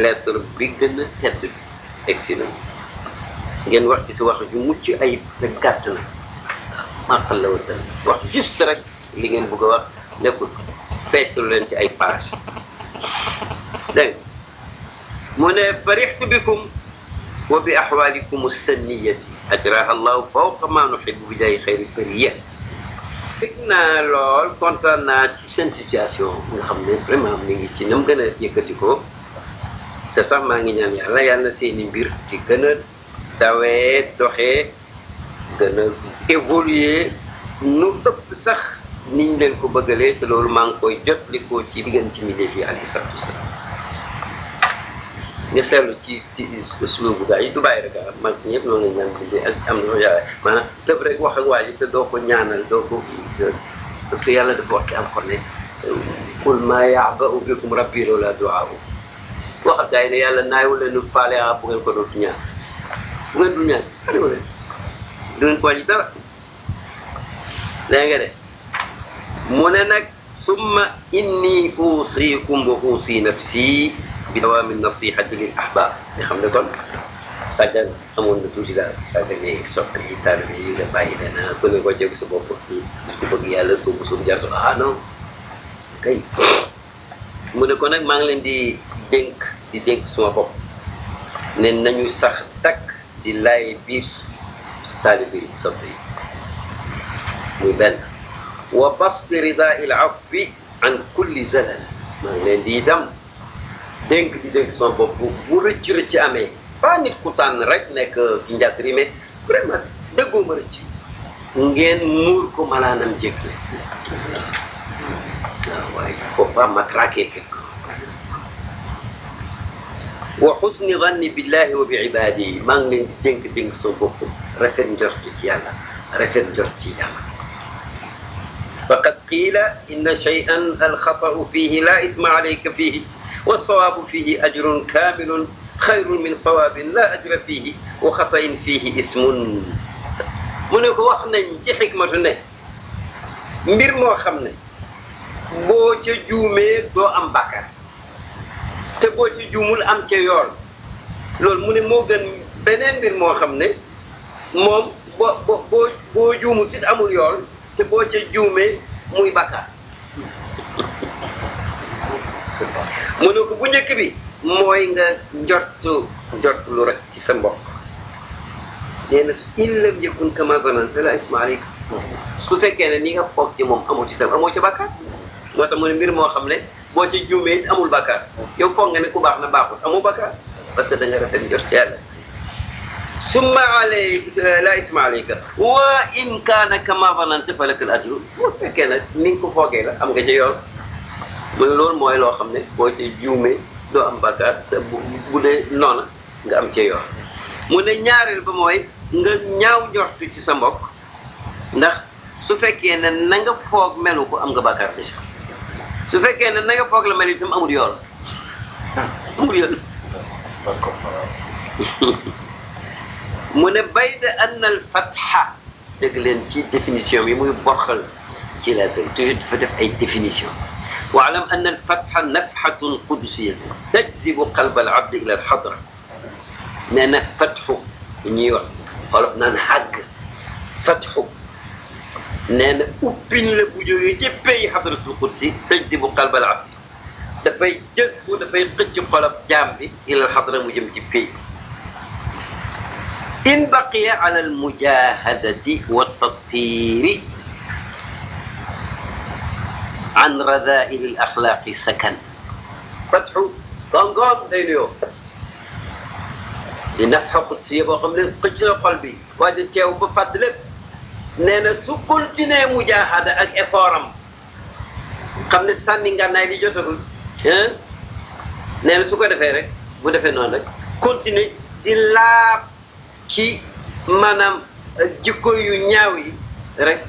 lettre bi gën a tedd bi egsi na ngeen wax ci si wax ju mucc ayib te gàtt na màqal la wëtal wax juste rek li ngeen bëgg a wax nekkul feesalu leen ci ay page dégg mu ne farixtu bikum wa bi axwaalikum sanniyati ajraha allahu fawqa maa nuxibu bi jaay xayri bariya bég naa lool kontaan naa ci seen situation nga xam ne vraiment mi ngi ci nam gën a yëkkati ko te sax maa ngi ñaan yàlla yàlla seeni mbir ci gën a dawee doxee gën a évoluer nu ëpp sax niñ leen ko bëggalee te loolu maa ngi koy jot li ko ci diggante ci milieu yi alayhi salaatu wasalaam nga seetlu ci ci suñu bu gaay du bàyyi rek mag ñëpp noonu lañ ñaan bi ak am na yàlla maanaam tëb rek wax ak waa te doo ko ñaanal doo ko parce que yàlla dafa wax ci alxor ne ma yabau bikum rabbi loola duaahu wax ak gaay ne yàlla naayu leen faale ah bu ngeen ko dootu ñaan bu ngeen du ñaan du ngeen ko wàññi dara dégg de ne summa inni uusikum wa uusi nafsi بدوام النصيحة للأحباب نخمدكم قد أمون بتوجد هذا اللي سبق الحساب اللي يجب بعيد أنا كل آه، نعم. ما جاك سبق بقي بقي على سوق سوق جارس أنا كي من كنا مانلين دي دينك دي دينك سوا بق ننني سختك دي لاي بيس تالي بيس سبقي مبين وبسط رضا العفو عن كل زلل مانلين دي دم dénk di dénk sama bopp bu rëcc rëcc amee pas nit rek nekk ki njàtt mais vraiment déggoo ma rëcc ngeen muur ko malaanam jégle waaw waaye faut pas matraquer quelque wa xusni zanni billahi wa bi ibadihi mang ngi leen di dénk dénk sama bopp rafet njort ci yàlla فقد قيل إن شيئا الخطأ فيه لا إثم عليك فيه wa sawaabu fiihi ajrun kaamilun xayrun min sawaabin la ajr fiihi wa xatayin fiihi ismun mu ne ko wax nañ ci xikmatu ne mbir moo xam ne boo ca juumee doo am bàkkaar te boo ca juumul am ca yool loolu mu ne moo gën beneen mbir moo xam ne moom boo boo juumul ci amul yool te boo ca juumee muy bàkkaar mu ne bu njëkk bi mooy nga jortu lu rek ci sa mbokk nee na in lam yakun kama zananta la isma aleyka su fekkee ne ni nga foog ci moom amoo ci tam amoo ci bàkkaar moo tax mu ne mbir moo xam ne boo ci juumee amul bàkkaar yow nga ne ku baax na baaxul amoo bàkkaar parce que da nga rafet jot ci yàlla summa alay la isma aleyka wa in kaana kama zananta falakal ajru bu fekkee ne ni nga ko foogee la am nga ci mooy loolu mooy loo xam ne boo ci juumee doo am bakkaar te bu bu dee noona nga am cee yoon mu ne ñaareel ba mooy nga ñaaw njortu ci sa mbokk ndax su fekkee ne na nga foog melu ko am nga bakkaar déjà su fekkee ne na nga foog la melu itam amul yoon amul yoon mu ne bayda an al fatha dégg leen ci définition yi muy boxal ci la toujours dafa def ay définition واعلم ان الفتحه نفحه قدسيه تجذب قلب العبد الى الحضره لان فتحه نيويورك قالوا نان حق فتحه نان اوبين لبوجوري حضره القدس تجذب قلب العبد تبي جذب تبي قد قلب جامبي الى الحضره مجم تبي ان بقي على المجاهده والتطهير عن رذائل الأخلاق سكن فتح دنقام دينيو لنفح قدسية وقمل قجل قلبي واجد كيو بفضلك نانا سكن تنا مجاهدة أك إفارم قمل سنين غانا يلي جوتو نانا سكن دفيرك ودفن نانك كنتيني noonu rek continue di laab ci maanaam jikko yu ñaaw yi rek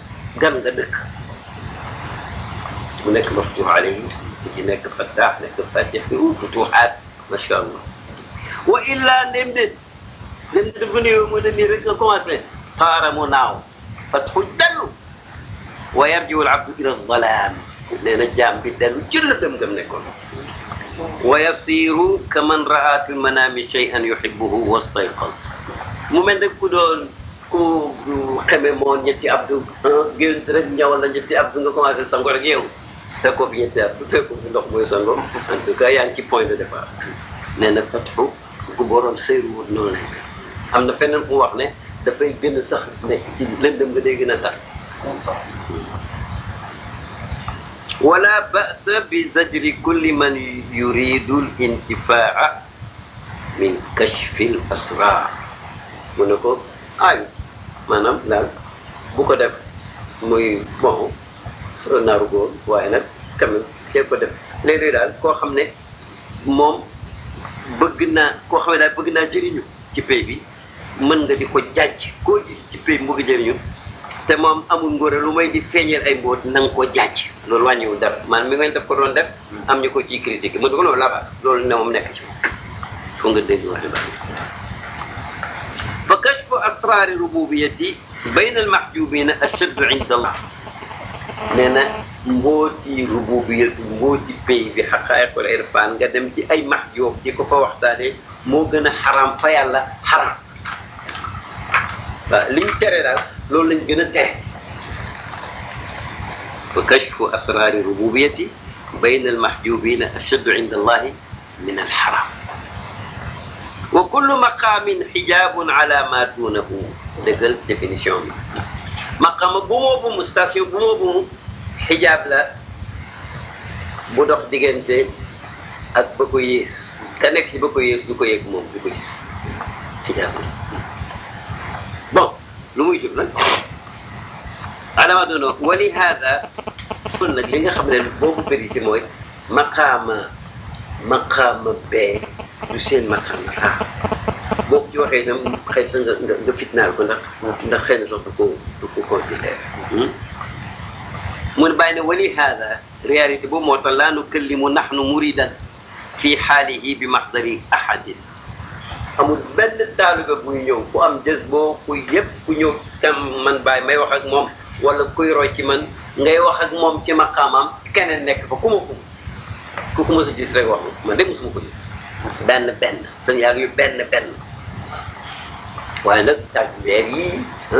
gan nga dëkk هناك مفتوح عليه هناك فتاح هناك فاتح فتوحات ما شاء الله وإلا نمدد نمدد بني ومن ومدني رزقكم طار مناو فتح الدلو ويرجع العبد إلى الظلام لأن الجام بالدلو جل دم قمنكم ويصير كمن رأى في المنام شيئا يحبه واستيقظ ممن كدون ku xeme moon ñetti abdu gënt rek ñawal la ñetti abdu nga commencé sangor ak yow sa copropriétaire bu fekkoon fi ndox mooy sa ngom en tout cas yaa ngi ci point de départ nee na fatxu ku borom sëyru wut noonu lay am na feneen mu wax ne dafay gën a sax ne ci lëndëm nga day gën a tar ولا بأس بزجر كل من يريد الانتفاع من كشف الأسرار منكو أي منام لا بكو دف muy bon furoon naaru góor waaye nag quand même ko def léeg-léeg daal koo xam ne moom bëgg naa koo xam ne daal bëgg naa jëriñu ci pay bi mën nga di ko jàjj ko gis ci pay bi mu bëgg te moom amul ngoro lu may di feeñeel ay mbóot na ko jàjj loolu wàññiwul dara man mi ngeen def ko doon def hmm. am ñu ko ciy critique ma du ko loolu la baax loolu ne moom nekk ci moom foo nga dégg wax dëgg fa kashfu asraari rububiyati bayna al mahjubina ashaddu inda allah نانا mbooti rububiyat mbooti pay bi xaqaiqul irfan nga dem ci ay max yoob di ko fa waxtaane moo gën a xaram fa yàlla xaram liñ tere daal loolu lañ gën a tere fa kashfu asrari rububiyati bayna almahjubina ashaddu inda allahi min alxaram wa kullu maqamin xijabun ala ma dunahu dëggal définition bi maqama gumo bu mu station gumo bu mu hijab la bu dox diggante ak ba ko yées ka nekk ci ba ko yées du ko yëg moom du ko gis hijab la bon lu muy jub nag alama dono wali hada kon nag li nga xam ne boobu bëri ci mooy maqaama maqaama bee du seen maqaama saa boo ci waxee itam xëy sa nga nga fitnaal ko ndax ndax xëy na sax du ko du ko considère mu ne bàyyi ne wali haada réalité boobu moo tax laa nukallimu naxnu muridan fi xaalihi bi maxdari ahadin amul benn taalibe buy ñëw ku am jës boo ku yëpp ku ñëw kam man bàyyi may wax ak moom wala kuy roy ci man ngay wax ak moom ci maqaamam keneen nekk fa ku ma ko ku ko mos a gis rek wax ma man de mosuma ko gis benn benn signal yu benn benn waaye nag tàgg weer yi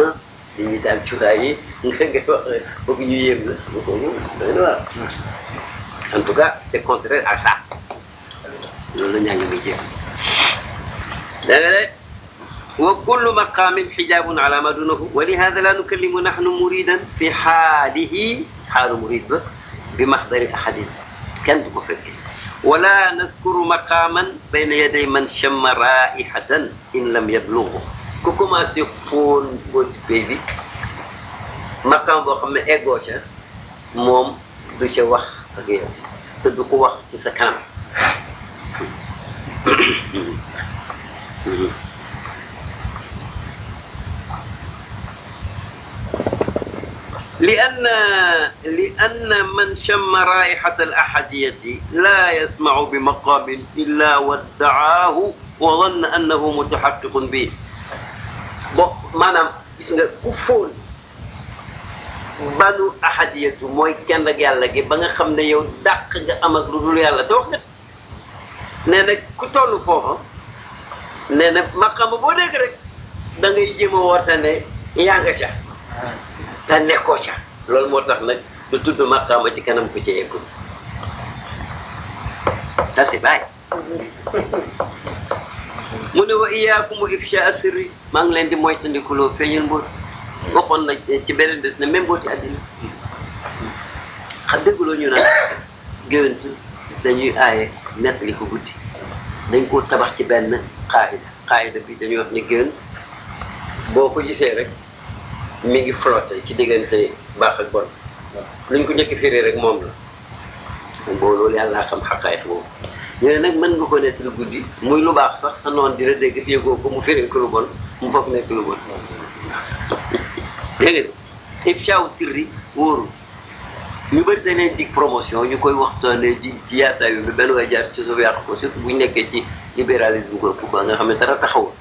ah dañuy daal cuuraay yi nga nga wax bëgg ñu yéem la bu kooku doy na waar en tout cas c' est contraire à ça loolu la ñaa ngi muy jéem dana ne وكل مقام حجاب على ما دونه ولهذا لا نكلم نحن مريدا في حاله حال مريد بمحضر احد كان تكفر wala naskuru maqaaman bayna yaday man chamma raihatan in lam yablughu ku commencé fóon boo ci pay bi maqaam boo xam ne eggoo ca moom du ca wax ak yow te du ko wax ci sa kanam لأن لأن من شم رائحة الأحدية لا يسمع بمقام إلا ودعاه وظن أنه متحقق به معنى كفون بنو أحدية موي كان لك يالا كي بنغا يو داق أمك رجل يالا توقت نانا كتولو فوها نانا مقام بوليك رك دنغي جيمو ورتاني يانغشا te nekkoo ca loolu moo tax nag du tudd maqaama ci kanam ku ci yeggul da si mu ne wa iyaakum wa ifsha asirri maa ngi leen di moytandikuloo feeñal mboot waxoon na ci beneen bés ne même àddina xam ñu naan géwént dañuy aaye nettali ko guddi dañ ko tabax ci benn xaayida xaayida bi dañuy wax ne géwént boo ko gisee rek mi ngi flotté ci diggante baax ak bon luñ ko njëkk firi rek moom la boo loolu yàlla xam xaqaayat boobu ñu mën nga ko nekk lu guddi muy lu baax sax sa noon dina dégg téegoo ko mu firi ko lu bon mu foog nekk lu bon dégg nga ifshaaw wóoru ñu bëri dañ leen dig promotion ñu koy waxtaanee di ci yaataay bi benn way jaar ci suuf ko surtout bu ñu nekkee ci libéralisme ko pour nga xam ne dara taxawul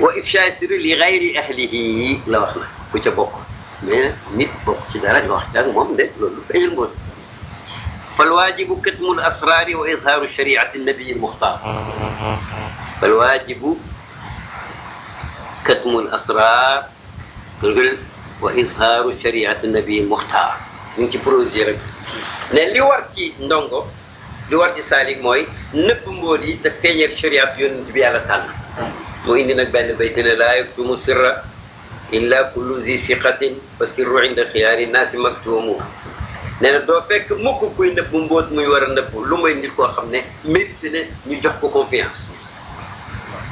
وافشاء سر لغير اهله لا واخنا كو تا بوك مي نيت بوك تي دارا لا واخ داك موم دي فالواجب كتم الاسرار واظهار شريعه النبي المختار فالواجب كتم الاسرار قلقل واظهار شريعه النبي المختار نتي بروزي رك ني لي وار تي ندونغو دي وار تي ساليك موي نيب مبودي تا فينير شريعه يونس بي الله تعالى وإني نقبل بيتنا لا يكتم سرا إلا كل ذي ثقة فسر عند خيار الناس مكتوم نانا دو فيك موكو كوي نبو مبوت موي ورا نبو لوما يندي كو خامني ميتنا ني جوخ كو كونفيانس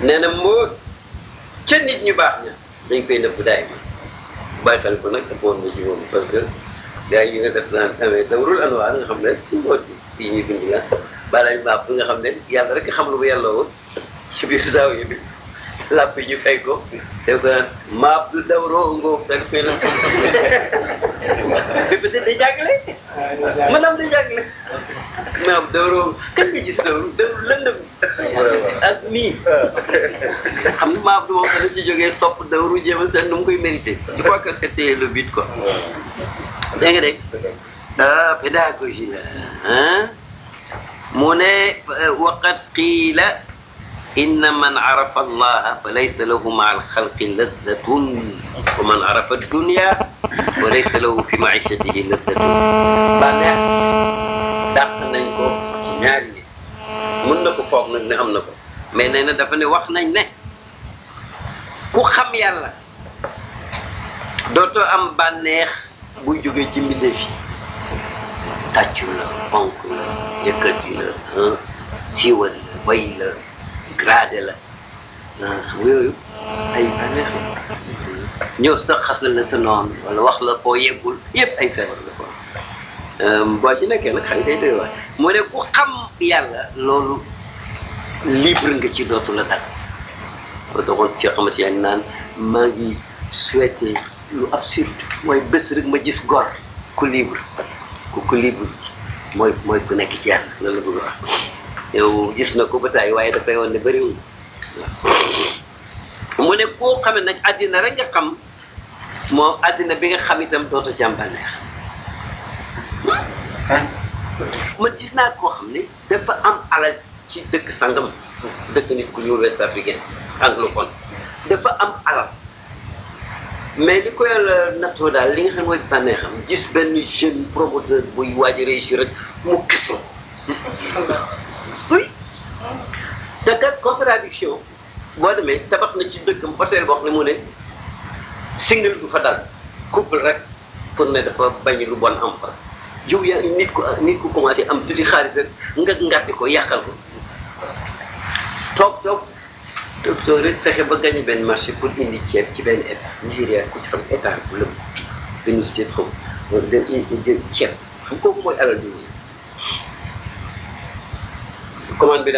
نانا مو تي نيت ني باخنا داي فاي نبو دايما باكال كو نك بون ني جوم باسكو داي يي داف نان تامي دور الانوار خامني سي موت تي ني بالا يبا بو خامني يالا رك خام لو يالا و شبي زاويه lappi ñu fay ko te du dawroo ngóob dañ koy la bépp di jàngale di jàngale maab dawroo kan nga dawru dawru lëndëm ak nii xam du moom dana ci dawru jéem a seen nu mu koy mérité je crois que c'était le but quoi dégg nga dégg la ah, mu ne euh, waqat qiila إن من عرف الله فليس له مع الخلق لذة ومن عرف الدنيا فليس له في معيشته لذة بعد يعني داخل نكو نياري من نكو فوق نعم نكو هم نكو من نينا دفني وقنا نين كو خم يالا دوتو أم بانيخ بو جوغي جمي دفي تاتشو لا فانكو لا يكتي لا سيوال ويلا gradé la xam nga yooyu ay ñëw sax xasal la sa noonu wala wax la koo yebbul yépp ay feebar la ko boo ci nekkee nag xëy day doy waay moo ne ku xam yàlla loolu libre nga ci dootu la dal ba doxoon ci xamante yaa ngi naan maa ngi souhaité lu absurde mooy bés rek ma gis gor ku libre ku ku libre mooy ku nekk ci yàlla loolu la bëgg yow gis na ko ba tey waaye dafay woon ne mu ne koo xamee nag àddina rek nga xam moom àddina bi nga xam itam dootu ci am bànneex man gis naa koo xam ne dafa am alal ci dëkk sangam dëkk nit ku ñuul west africain anglophone dafa am alal mais li ko yàlla nattoo daal li nga xam mooy bànneexam gis benn jeune promoteur buy waaj a réussir rek mu te kat contradiction boo demee tabax na ci dëkkam hôtel boo xam ne mu ne signal bu fa dal couple bañ lu bon am fa yow yaa nit ku nit commencé am tuuti xaalis rek nga ngàppi ko yàqal ko toog toog toog toog rek fexe ba gagné benn marché pour indi ceeb ci benn état Nigéria ku ci xam état bu lëm benn cité xam dañ indi ceeb xam kooku bi commande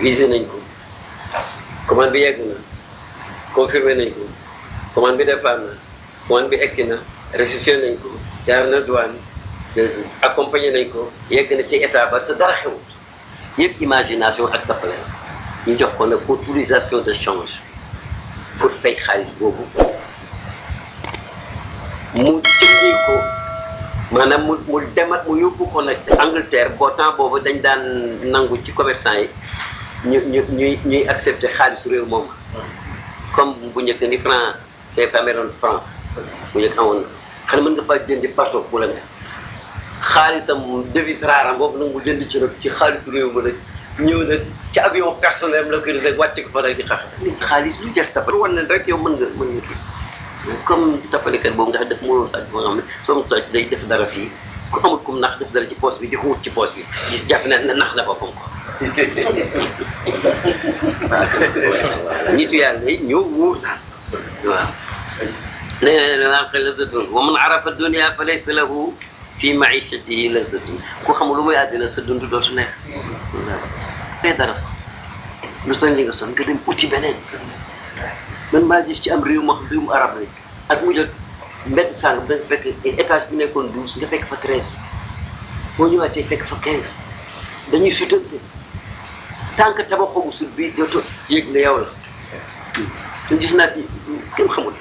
visé nañ ko commande bi yegg na confirmé nañ ko commande bi départ na commande bi egsi na restitué nañ ko jaar na douane accompagné nañ ko yegg na ci état ba te dara xewut yëpp imagination ak tappale ñu jox ko nag autorisation de change pour fay xaalis boobu mu jëndi ko maanaam mu mu dem mu yóbbu ko nag Angleterre boo temps boobu dañ daan nangu ci commerçant yi ñu ñu ñuy ñuy accepté xaalisu réew moom comme bu njëkk ni franc CFA meroon France bu njëkk amoon xanaa mën nga faa jëndi parto bu la ne xaalisam devise rare am boobu nag mu ci nag ci xaalisu réew ma nag ñëw nag ci avion personnel la ko rek wàcc ko fa rek di xax xaalis lu jar tapal wan nen rek yow mën nga mën nga comme tapalekat boobu nga xam def mënoon sàcc boo xam ne soo mu sàcc dara fii ku xamul kum nax def dara ci poos bi di ko wut ci poos bi gis jàpp ne nax na boppam ko nitu yàlla yi ñëw wóor naa waaw nee na naan xel lazatun wa man arafa dunia fa laysa lahu fi maishatihi lazatun ku xamul lu muy àddina sa dund dootu neex nee dara sax lu son li nga son nga dem uti beneen man maa gis ci am réew ma réewum arab rek ak mu jot mbedd sàng ba fekk étage bi nekkoon douze nga fekk fa treize boo ñëwaatee fekk fa quinze dañuy sutante tànk tabaxoogu sut bi jooto yéeg nga yow la te gis naa fi kenn xamul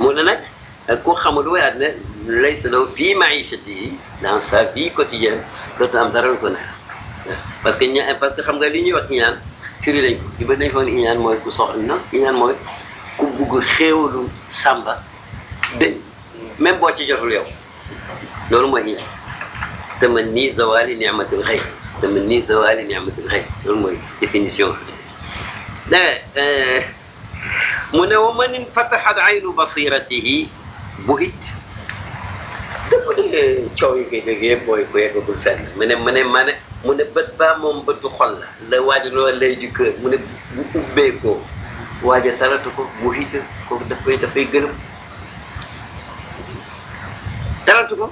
moo ne nag koo xamul way at ne lay salaw fii maïchati yi dans sa vie quotidienne dootu am dara lu ko neex parce que ña parce que xam nga li ñuy wax iñaan firi lañ ko ñu ba dañ mooy ku soxla na iñaan mooy ku bugg xéewalu sàmba dëñ même boo ci jotul yow loolu mooy hijra tamanni zawali ni'matil xëy tamanni zawali ni'matil xëy loolu mooy définition dégg mu ne wa man infataxat aynu basiratihi buhit dëpp dëgg coow yi koy dëgg yëpp mooy ku yeggagul fenn mu ne mu ne ma ne mu ne bët baa moom bëtu xol la la waaj loolu lay ju kër mu ne bu ubbeekoo waaja talatu ko buhit kooku dafay dafay gërëm dalatu ko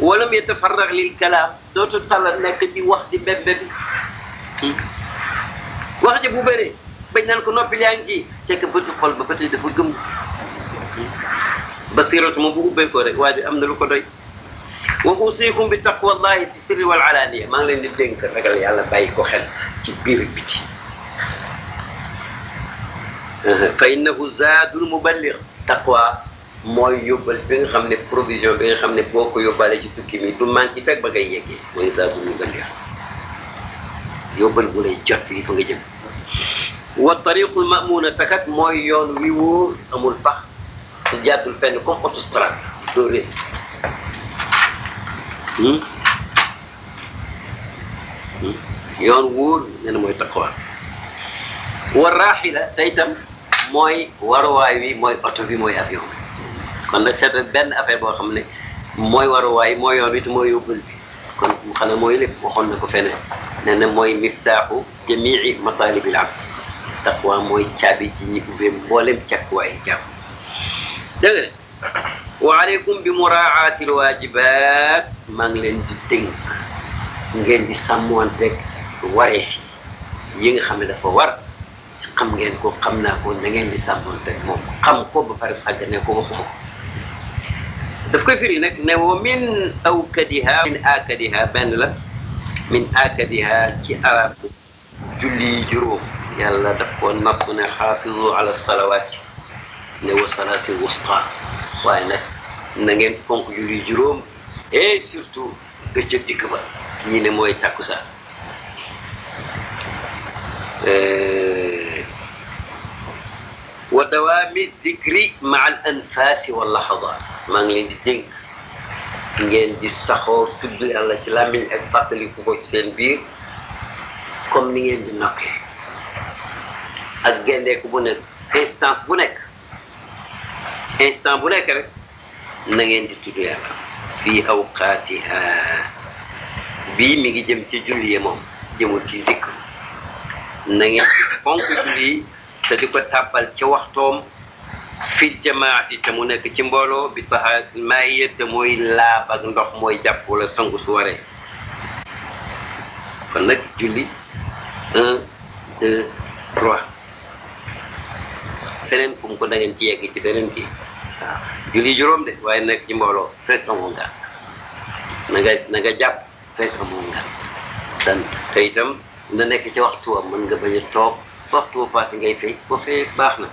walam yatafarrag lil kalam dootu talal nekk di wax di bebbe bi wax ji bu bëree bañ naan ko noppi yaa ngi c'est que bëtu xol ba ba tey dafa gëm basiratu moom bu ubbee ko rek waa ji am na lu ko doy wa usikum bi taqwa allahi fi sirri wal alaniya maa ngi leen di dénk ragal yàlla bàyyi ko xel ci biir biti fa innahu zaadul muballigh taqwa mooy yóbbal fi nga xam ne provision bi xam ne boo ko yóbbaale ci tukki mi du manqué fekk ba ngay gi mooy saa bu ñu bëgg yóbbal bu lay jot yi fa nga jëm wa tariqul mamuuna takat mooy yoon wi wóor amul pax su jàddul fenn comme autostrade doo réer hmm? Hmm? yoon wóor nee na mooy taqwa wa raaxila tey tam mooy waruwaay wi mooy oto bi mooy avion bi kon nag seet benn affaire boo xam ne mooy waruwaay mooy yoon wi te mooy yóbbal bi kon xanaa mooy lépp waxoon na ko feneen nee na mooy miftaaxu jamii mataalibil abd taqwa mooy caabi ci ñi ubbee mboolem càkkuwaayi jàmm dëgg ne wa aleykum bi muraaati lwaajibaat maa ngi leen di dénk ngeen di sàmmanteeg wareef yi nga xam ne dafa war xam ngeen ko xam naa ko na ngeen di sàmmanteeg moom xam ko ba pare sàggane ko waxuma ko تفكر في هناك انه من اوكدها من اكدها بان لك من اكدها كي اراك جلي جروب يلا دقوا نصنا حافظوا على الصلوات انه صلاه الوسطى وانا نجم فوق جلي جروب اي سورتو بجدك ما ني نموي تاكوسا ايه ودوام الذكر مع الانفاس واللحظات maa ngi leen di dénk ngeen di saxoo tudd yàlla ci làmmiñ ak fàttaliku ko ci seen biir comme mi ngeen di nokkee ak gendeeku bu nekk instance bu nekk instant bu nekk rek na ngeen di tudd yàlla fii awqaatiha bii mi ngi jëm ci julli moom jëmul ci zikr na ngeen di fonk julli te di ko tàbbal ci waxtoom fi jamaati te mu nekk ci mbooloo bi taxaat may yëtte mooy laab ak ndox mooy jàpp wala sangu su waree kon nag julli ci yegg ci beneen kii waaw julli juróom de waaye nekk ci mbooloo fekk amoo ngànt na nga jàpp fekk amoo ngànt te itam nga nekk ci waxtu wa mën nga bañ a toog waxtu wa passé ngay fay boo fee baax na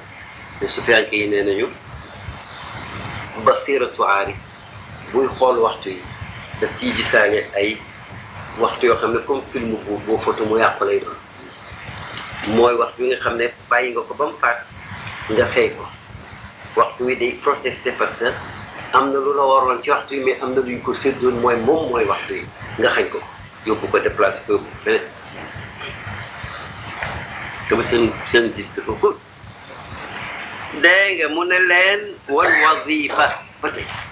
te sufiyaan yi nee xool waxtu daf ciy gisaane ay waxtu yoo xam ne comme mu yàqu lay doon nga xam ne bàyyi ko ba mu faat nga fay ko waxtu wi parce que am na lu la waroon ci waxtu yi mais am na luñ ko séddoon mooy moom mooy waxtu yi nga xañ ko yóbbu ko déplacé ko yóbbu ko feneen dama seen seen gis dafa xóot دايغا من لين والوظيفة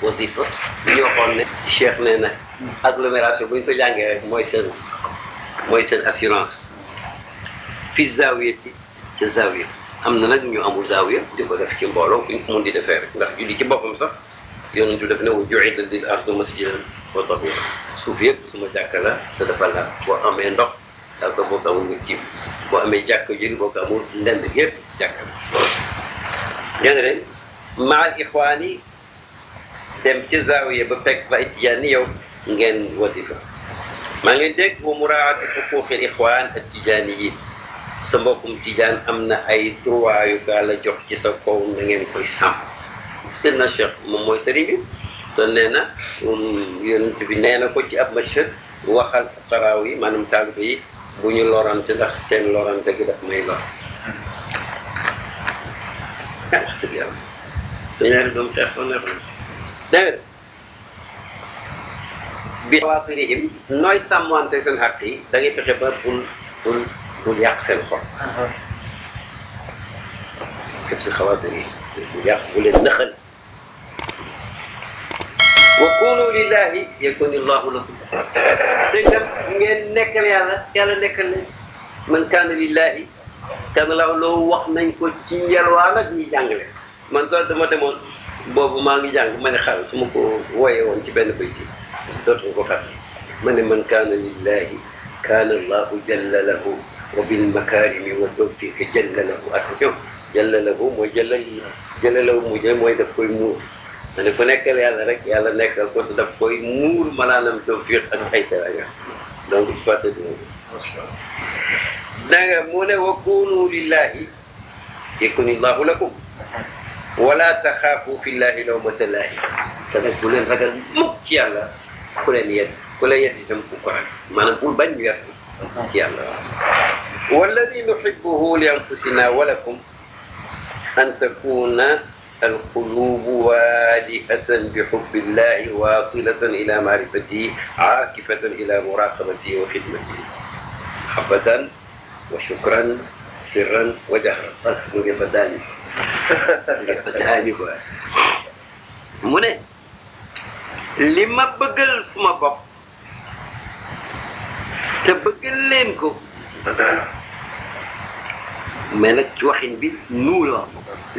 وظيفة ني وخون ني شيخ نينا اغلوميراسيون بوين فا جانغي ريك موي سين موي سين اسيورانس في الزاوية تي تي زاوية امنا نك ني امو زاوية ديكو داف تي مبولو فين مون دي دافير داخ جولي تي بوفم صاح يونتو داف نو جوعيد دي الارض مسجد وطبيعة سوفيك سما جاكلا تدفالا وامي ندوخ داكو بوكا مون تيم بو امي جاكو جيري بوكا مون ندن هيب جاكلا dégg nga de maal ixwaani dem ci zaawiya ba fekk fa tijaani yow ngeen wasifa maa ngi dégg wa muraati xuquuqil ixwaan ak tijaani yi sa mbokkum tijaan am na ay droit yu gaa la jox ci sa kow na ngeen koy sàmm seen na cheikh moom mooy sëriñ bi te nee na um, ko ci ab machad waxal fuqaraaw yi maanaam taalibe yi bu ñu lorante ndax seen lorante gi daf may lor لا اختبار سنعرف لهم شخصا dégg bi xawaatirihim nooy sàmmante seen xàq yi da ngay fexe ba bul bul bul yàq seen xol xëpp si xawaatirihim bul yàq bu leen nëxal wa kunu lillahi yakuni llahu lakum te itam ngeen nekkal yàlla yàlla nekkal leen man kaana lillahi kenn la loo wax nañ ko ci yelwaan ak ñi jàngale man sax dama demoon boobu maa ngi jàng ma ne xaaral su ma ko wooyee woon ci benn béy si dootu ko fàtte ma ne man kaana lillahi kaana allahu jalla lahu wa bil makarimi wa tawfiqi jalla lahu attention jalla lahu mooy jalla jalla lahu mu jël mooy daf koy muur ma ne ku nekkal yàlla rek yàlla nekkal ko daf koy muur malaanam tawfiq ak ay teraanga donc fàtte dina داغا نعم، مولا وكونوا لله يكون الله لكم ولا تخافوا في الله لو متلاه تذكر الفجر مك يا الله كل يد كل يد تمكوك ما نقول بني يد يا الله والذي نحبه لانفسنا ولكم ان تكون القلوب والهة بحب الله واصلة إلى معرفته عاكفة إلى مراقبته وخدمته محبة وشكرا سرا وجهرا الحمد بداني بداني mu ne li ma lima begel semua bab. bëggal leen ko mais bi nuuloo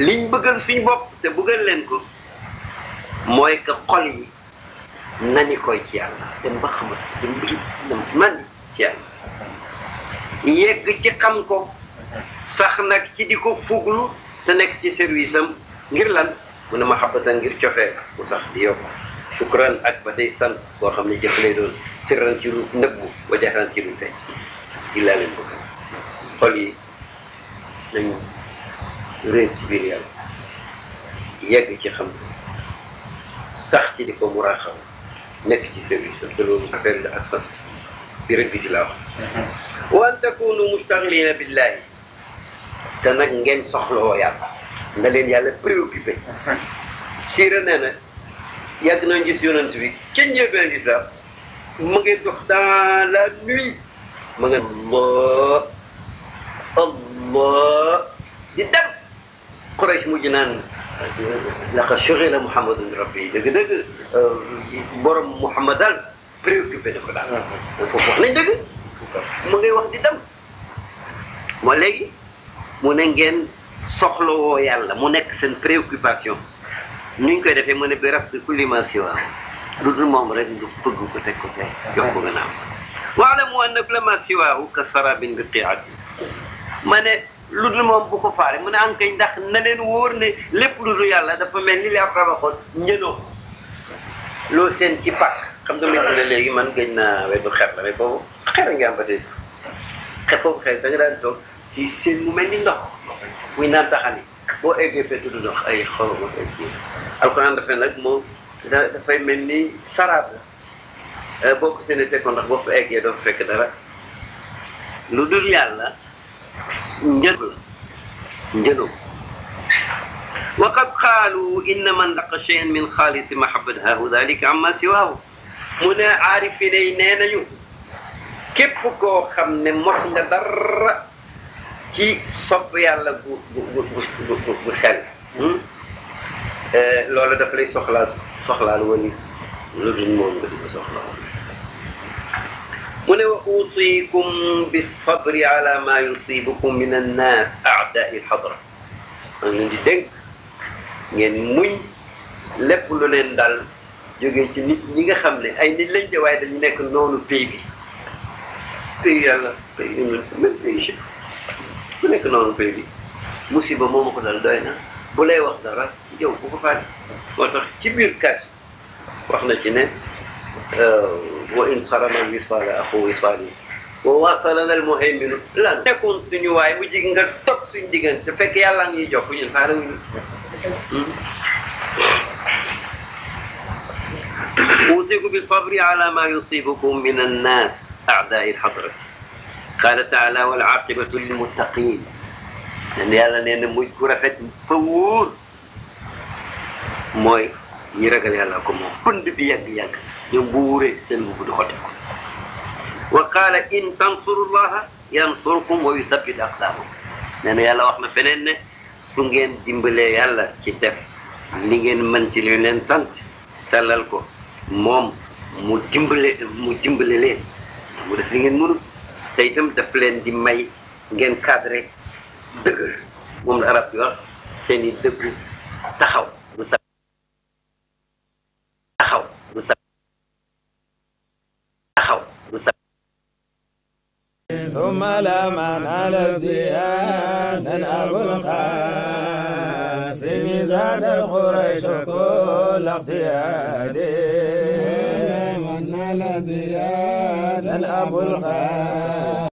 liñ begel suñ bopp te bëggal leen ko mooy que xol yi nani koy ci dem ba dem bi nam man ci yegg ci xam ko sax nag ci di ko fuglu te nekk ci service am ngir lan mu ne mahabbatan ngir cofee mu sax di yokk shukran ak ba sant koo xam ne jëf lay doon sirran ci ruuf nëbbu wa jaxran ci ruufe illaa leen ko kan xol yi nañu réer ci biir yàlla yegg ci xam ko sax ci di ko muraaxaw nekk ci service am te loolu affaire la ak sant بركز الأمر وأن تكونوا مشتغلين بالله te nag ngeen soxlawoo yàlla na leen yàlla préoccupé siira nee na yàgg nañ gis yonant bi ca njëlbeen lislaam mu ngi dox dans la nuit ma nga allah allah di dem Quraysh mujj naan laqad shugila muhammadun rabbi dëgg-dëgg borom muhammadan préoccupé na ko daal. Ah, foofu wax nañ dëgg. mu ngay wax di dem. moo léegi mu ne ngeen soxlawoo yàlla mu nekk seen préoccupation ni ñu koy defee mu ne bi raf di kulimation am lu dul moom rek nga bëgg ko teg ko fee jox ko gannaaw wax la mu nag la ma siwaahu ka sarabin bi qiati ma ne lu dul moom bu ko faale mu ne am kañ ndax na leen wóor ne lépp lu dul yàlla dafa mel ni li am rabaxoon njënoo loo seen ci pàkk xam nga lu ñu ne léegi man gëj naa wetu xer la mais boobu xer nga am ba tey sax xer foofu xer da nga daan toog ci seen mu mel ni ndox muy naan taxani boo eggee fee tudd ndox ay xaw ma ay kii alxuraan dafa nag moom dafay mel ni saraab la eh, boo ko seen teg ko ndox boo fa eggee doo fekk dara lu dul yàlla njëlu la njëlu وقد قالوا إنما انتقى شيئا من خالص محبة هاه ذلك عما سواه mu ne aarifi day nee nañu képp koo xam ne mos nga dara ci sopp yàlla gu gu gu gu sell hmm? eh, loolu daf lay soxlaa soxlaal walis lu dul moom nga di ko soxla mu ne wa usikum bisabri ala ma yusibukum min annas aadai lxadra maa ngi leen di dénk ngeen muñ lépp lu leen dal jóge ci nit ñi nga xam ne ay nit lañ de waaye dañu nekk noonu pays bi pays yàlla pays yonent même pays chef ku nekk noonu pays bi musiba moom ko dal doy na bu lay wax dara yow bu ko faale moo tax ci biir kaas wax na ci ne euh, wa in sarama wisaala axu wa wasalana al muhayminu waay mu jig nga toog suñu diggante fekk yàlla ngi jox ñun faale wuñu hmm? اوصيكم بالصبر على ما يصيبكم من الناس اعداء الحضره قال تعالى والعاقبه للمتقين يعني يلا نين موي كرافيت فور موي يرجل يلا كم بند بيان بيان يبور سن بود خاتكم وقال إن تنصر الله ينصركم ويثبت أقدامكم نحن يعني يلا وحنا فنن سنجن دimbal يلا كتف لين من تلين سنت سللكم moom mu dimbale mu dimbale leen mu def li ngeen mënul te itam daf leen di may ngeen cadré dëgër moom la arab bi wax seen i dëggu taxaw du taxaw du taxaw du taxaw ثم لمن على ازدياد أبو القاسم النسيم زاد قريش كل اقتياد من الذي الأب الخالد